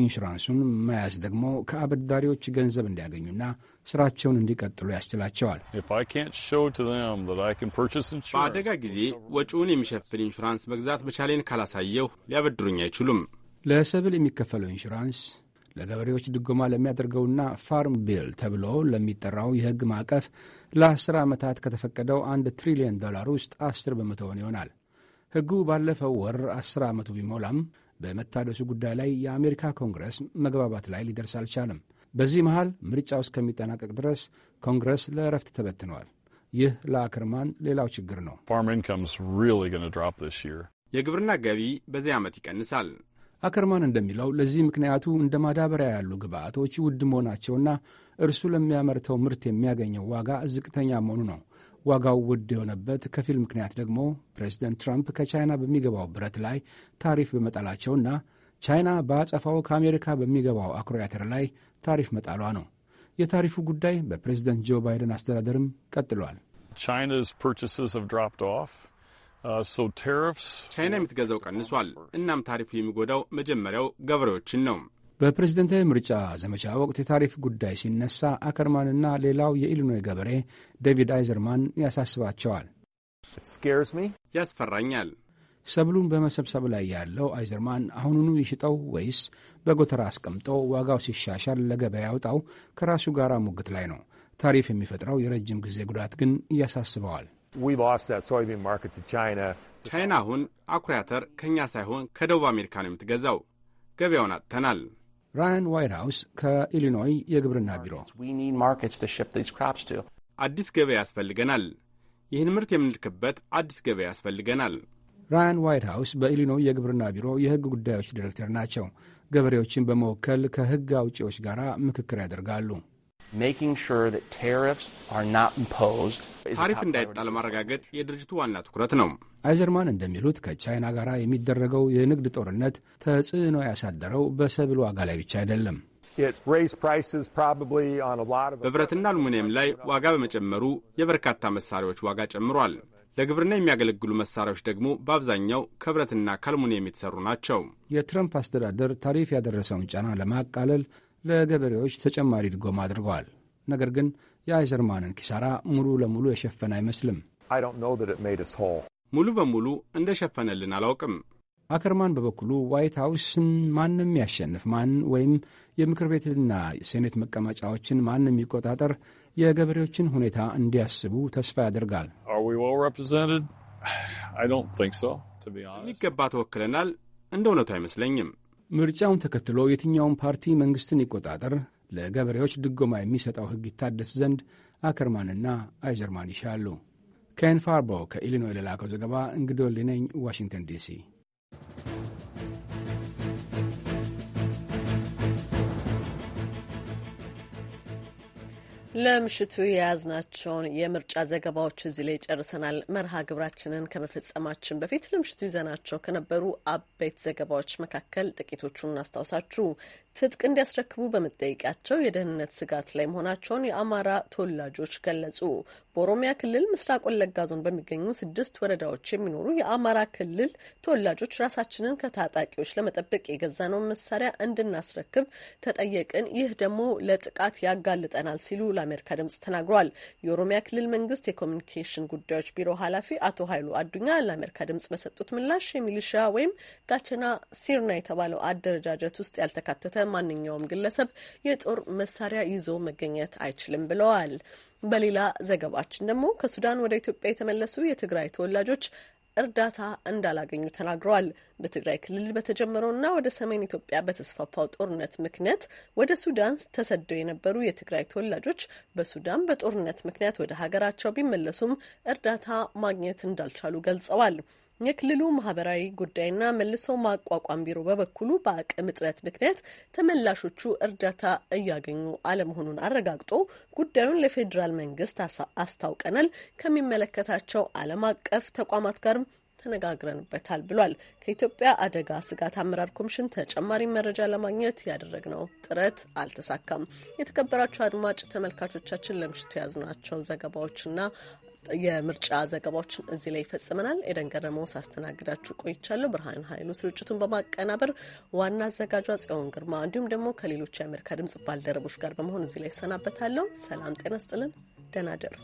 ኢንሹራንሱን መያዝ ደግሞ ከአበዳሪዎች ገንዘብ እንዲያገኙና ስራቸውን እንዲቀጥሉ ያስችላቸዋል። በአደጋ ጊዜ ወጪውን የሚሸፍን ኢንሹራንስ መግዛት መቻሌን ካላሳየሁ ሊያበድሩኝ አይችሉም። ለሰብል የሚከፈለው ኢንሹራንስ ለገበሬዎች ድጎማ ለሚያደርገውና ፋርም ቢል ተብሎ ለሚጠራው የሕግ ማዕቀፍ ለአስር ዓመታት ከተፈቀደው አንድ ትሪሊዮን ዶላር ውስጥ አስር በመቶውን ይሆናል። ሕጉ ባለፈው ወር አስር ዓመቱ ቢሞላም በመታደሱ ጉዳይ ላይ የአሜሪካ ኮንግረስ መግባባት ላይ ሊደርስ አልቻለም። በዚህ መሃል ምርጫው እስከሚጠናቀቅ ድረስ ኮንግረስ ለእረፍት ተበትነዋል። ይህ ለአክርማን ሌላው ችግር ነው። የግብርና ገቢ በዚህ ዓመት ይቀንሳል። አከርማን እንደሚለው ለዚህ ምክንያቱ እንደ ማዳበሪያ ያሉ ግብዓቶች ውድ መሆናቸውና እርሱ ለሚያመርተው ምርት የሚያገኘው ዋጋ ዝቅተኛ መሆኑ ነው። ዋጋው ውድ የሆነበት ከፊል ምክንያት ደግሞ ፕሬዚደንት ትራምፕ ከቻይና በሚገባው ብረት ላይ ታሪፍ በመጣላቸውና ቻይና በአጸፋው ከአሜሪካ በሚገባው አኩሪ አተር ላይ ታሪፍ መጣሏ ነው። የታሪፉ ጉዳይ በፕሬዚደንት ጆ ባይደን አስተዳደርም ቀጥሏል። ቻይና የምትገዛው ቀንሷል። እናም ታሪፉ የሚጎዳው መጀመሪያው ገበሬዎችን ነው። በፕሬዝደንታዊ ምርጫ ዘመቻ ወቅት የታሪፍ ጉዳይ ሲነሳ አከርማንና ሌላው የኢሊኖይ ገበሬ ዴቪድ አይዘርማን ያሳስባቸዋል። ያስፈራኛል። ሰብሉን በመሰብሰብ ላይ ያለው አይዘርማን አሁኑኑ ይሽጠው ወይስ በጎተራ አስቀምጦ ዋጋው ሲሻሻል ለገበያ ያውጣው? ከራሱ ጋር ሙግት ላይ ነው። ታሪፍ የሚፈጥረው የረጅም ጊዜ ጉዳት ግን እያሳስበዋል። ቻይና አሁን አኩሪ አተር ከእኛ ሳይሆን ከደቡብ አሜሪካ ነው የምትገዛው። ገበያውን አጥተናል። ራያን ዋይትሃውስ ከኢሊኖይ የግብርና ቢሮ አዲስ ገበያ ያስፈልገናል። ይህን ምርት የምንልክበት አዲስ ገበያ ያስፈልገናል። ራያን ዋይትሃውስ በኢሊኖይ የግብርና ቢሮ የሕግ ጉዳዮች ዲሬክተር ናቸው። ገበሬዎችን በመወከል ከሕግ አውጪዎች ጋር ምክክር ያደርጋሉ። ታሪፍ እንዳይጣል ማረጋገጥ የድርጅቱ ዋና ትኩረት ነው። አይዘርማን እንደሚሉት ከቻይና ጋር የሚደረገው የንግድ ጦርነት ተጽዕኖ ያሳደረው በሰብል ዋጋ ላይ ብቻ አይደለም። በብረትና አሉሚኒየም ላይ ዋጋ በመጨመሩ የበርካታ መሳሪያዎች ዋጋ ጨምሯል። ለግብርና የሚያገለግሉ መሳሪያዎች ደግሞ በአብዛኛው ከብረትና ከአሉሚኒየም የተሰሩ ናቸው። የትረምፕ አስተዳደር ታሪፍ ያደረሰውን ጫና ለማቃለል ለገበሬዎች ተጨማሪ ድጎማ አድርገዋል። ነገር ግን የአይዘርማንን ኪሳራ ሙሉ ለሙሉ የሸፈነ አይመስልም። ሙሉ በሙሉ እንደሸፈነልን አላውቅም። አከርማን በበኩሉ ዋይት ሀውስን ማንም ያሸንፍ ማን ወይም የምክር ቤትና ሴኔት መቀመጫዎችን ማንም የሚቆጣጠር የገበሬዎችን ሁኔታ እንዲያስቡ ተስፋ ያደርጋል። የሚገባ ተወክለናል። እንደ እውነቱ አይመስለኝም። ምርጫውን ተከትሎ የትኛውን ፓርቲ መንግሥትን ይቆጣጠር ለገበሬዎች ድጎማ የሚሰጠው ሕግ ይታደስ ዘንድ አከርማንና አይዘርማን ይሻሉ። ኬን ፋርቦ ከኢሊኖይ ለላከው ዘገባ እንግዶ ሊነኝ ዋሽንግተን ዲሲ ለምሽቱ የያዝናቸውን የምርጫ ዘገባዎች እዚህ ላይ ጨርሰናል። መርሃ ግብራችንን ከመፈጸማችን በፊት ለምሽቱ ይዘናቸው ከነበሩ አበይት ዘገባዎች መካከል ጥቂቶቹን እናስታውሳችሁ። ትጥቅ እንዲያስረክቡ በመጠየቃቸው የደህንነት ስጋት ላይ መሆናቸውን የአማራ ተወላጆች ገለጹ። በኦሮሚያ ክልል ምስራቅ ወለጋ ዞን በሚገኙ ስድስት ወረዳዎች የሚኖሩ የአማራ ክልል ተወላጆች ራሳችንን ከታጣቂዎች ለመጠበቅ የገዛነውን መሳሪያ እንድናስረክብ ተጠየቅን፣ ይህ ደግሞ ለጥቃት ያጋልጠናል ሲሉ ለአሜሪካ ድምጽ ተናግረዋል። የኦሮሚያ ክልል መንግስት የኮሚኒኬሽን ጉዳዮች ቢሮ ኃላፊ አቶ ኃይሉ አዱኛ ለአሜሪካ ድምጽ በሰጡት ምላሽ የሚሊሻ ወይም ጋቸና ሲርና የተባለው አደረጃጀት ውስጥ ያልተካተተ ማንኛውም ግለሰብ የጦር መሳሪያ ይዞ መገኘት አይችልም ብለዋል። በሌላ ዘገባችን ደግሞ ከሱዳን ወደ ኢትዮጵያ የተመለሱ የትግራይ ተወላጆች እርዳታ እንዳላገኙ ተናግረዋል። በትግራይ ክልል በተጀመረውና ወደ ሰሜን ኢትዮጵያ በተስፋፋው ጦርነት ምክንያት ወደ ሱዳን ተሰደው የነበሩ የትግራይ ተወላጆች በሱዳን በጦርነት ምክንያት ወደ ሀገራቸው ቢመለሱም እርዳታ ማግኘት እንዳልቻሉ ገልጸዋል። የክልሉ ማህበራዊ ጉዳይና መልሶ ማቋቋም ቢሮ በበኩሉ በአቅም እጥረት ምክንያት ተመላሾቹ እርዳታ እያገኙ አለመሆኑን አረጋግጦ ጉዳዩን ለፌዴራል መንግስት አስታውቀናል፣ ከሚመለከታቸው ዓለም አቀፍ ተቋማት ጋርም ተነጋግረንበታል ብሏል። ከኢትዮጵያ አደጋ ስጋት አመራር ኮሚሽን ተጨማሪ መረጃ ለማግኘት ያደረግነው ጥረት አልተሳካም። የተከበራቸው አድማጭ ተመልካቾቻችን ለምሽቱ የያዝናቸው ዘገባዎችና የምርጫ ዘገባዎችን እዚህ ላይ ይፈጽመናል። ኤደን ገረመው ሳስተናግዳችሁ ቆይቻለሁ። ብርሃን ኃይሉ ስርጭቱን በማቀናበር ዋና አዘጋጇ ጽዮን ግርማ፣ እንዲሁም ደግሞ ከሌሎች የአሜሪካ ድምጽ ባልደረቦች ጋር በመሆን እዚህ ላይ ይሰናበታለሁ። ሰላም ጤና ስጥልን። ደህና ደሩ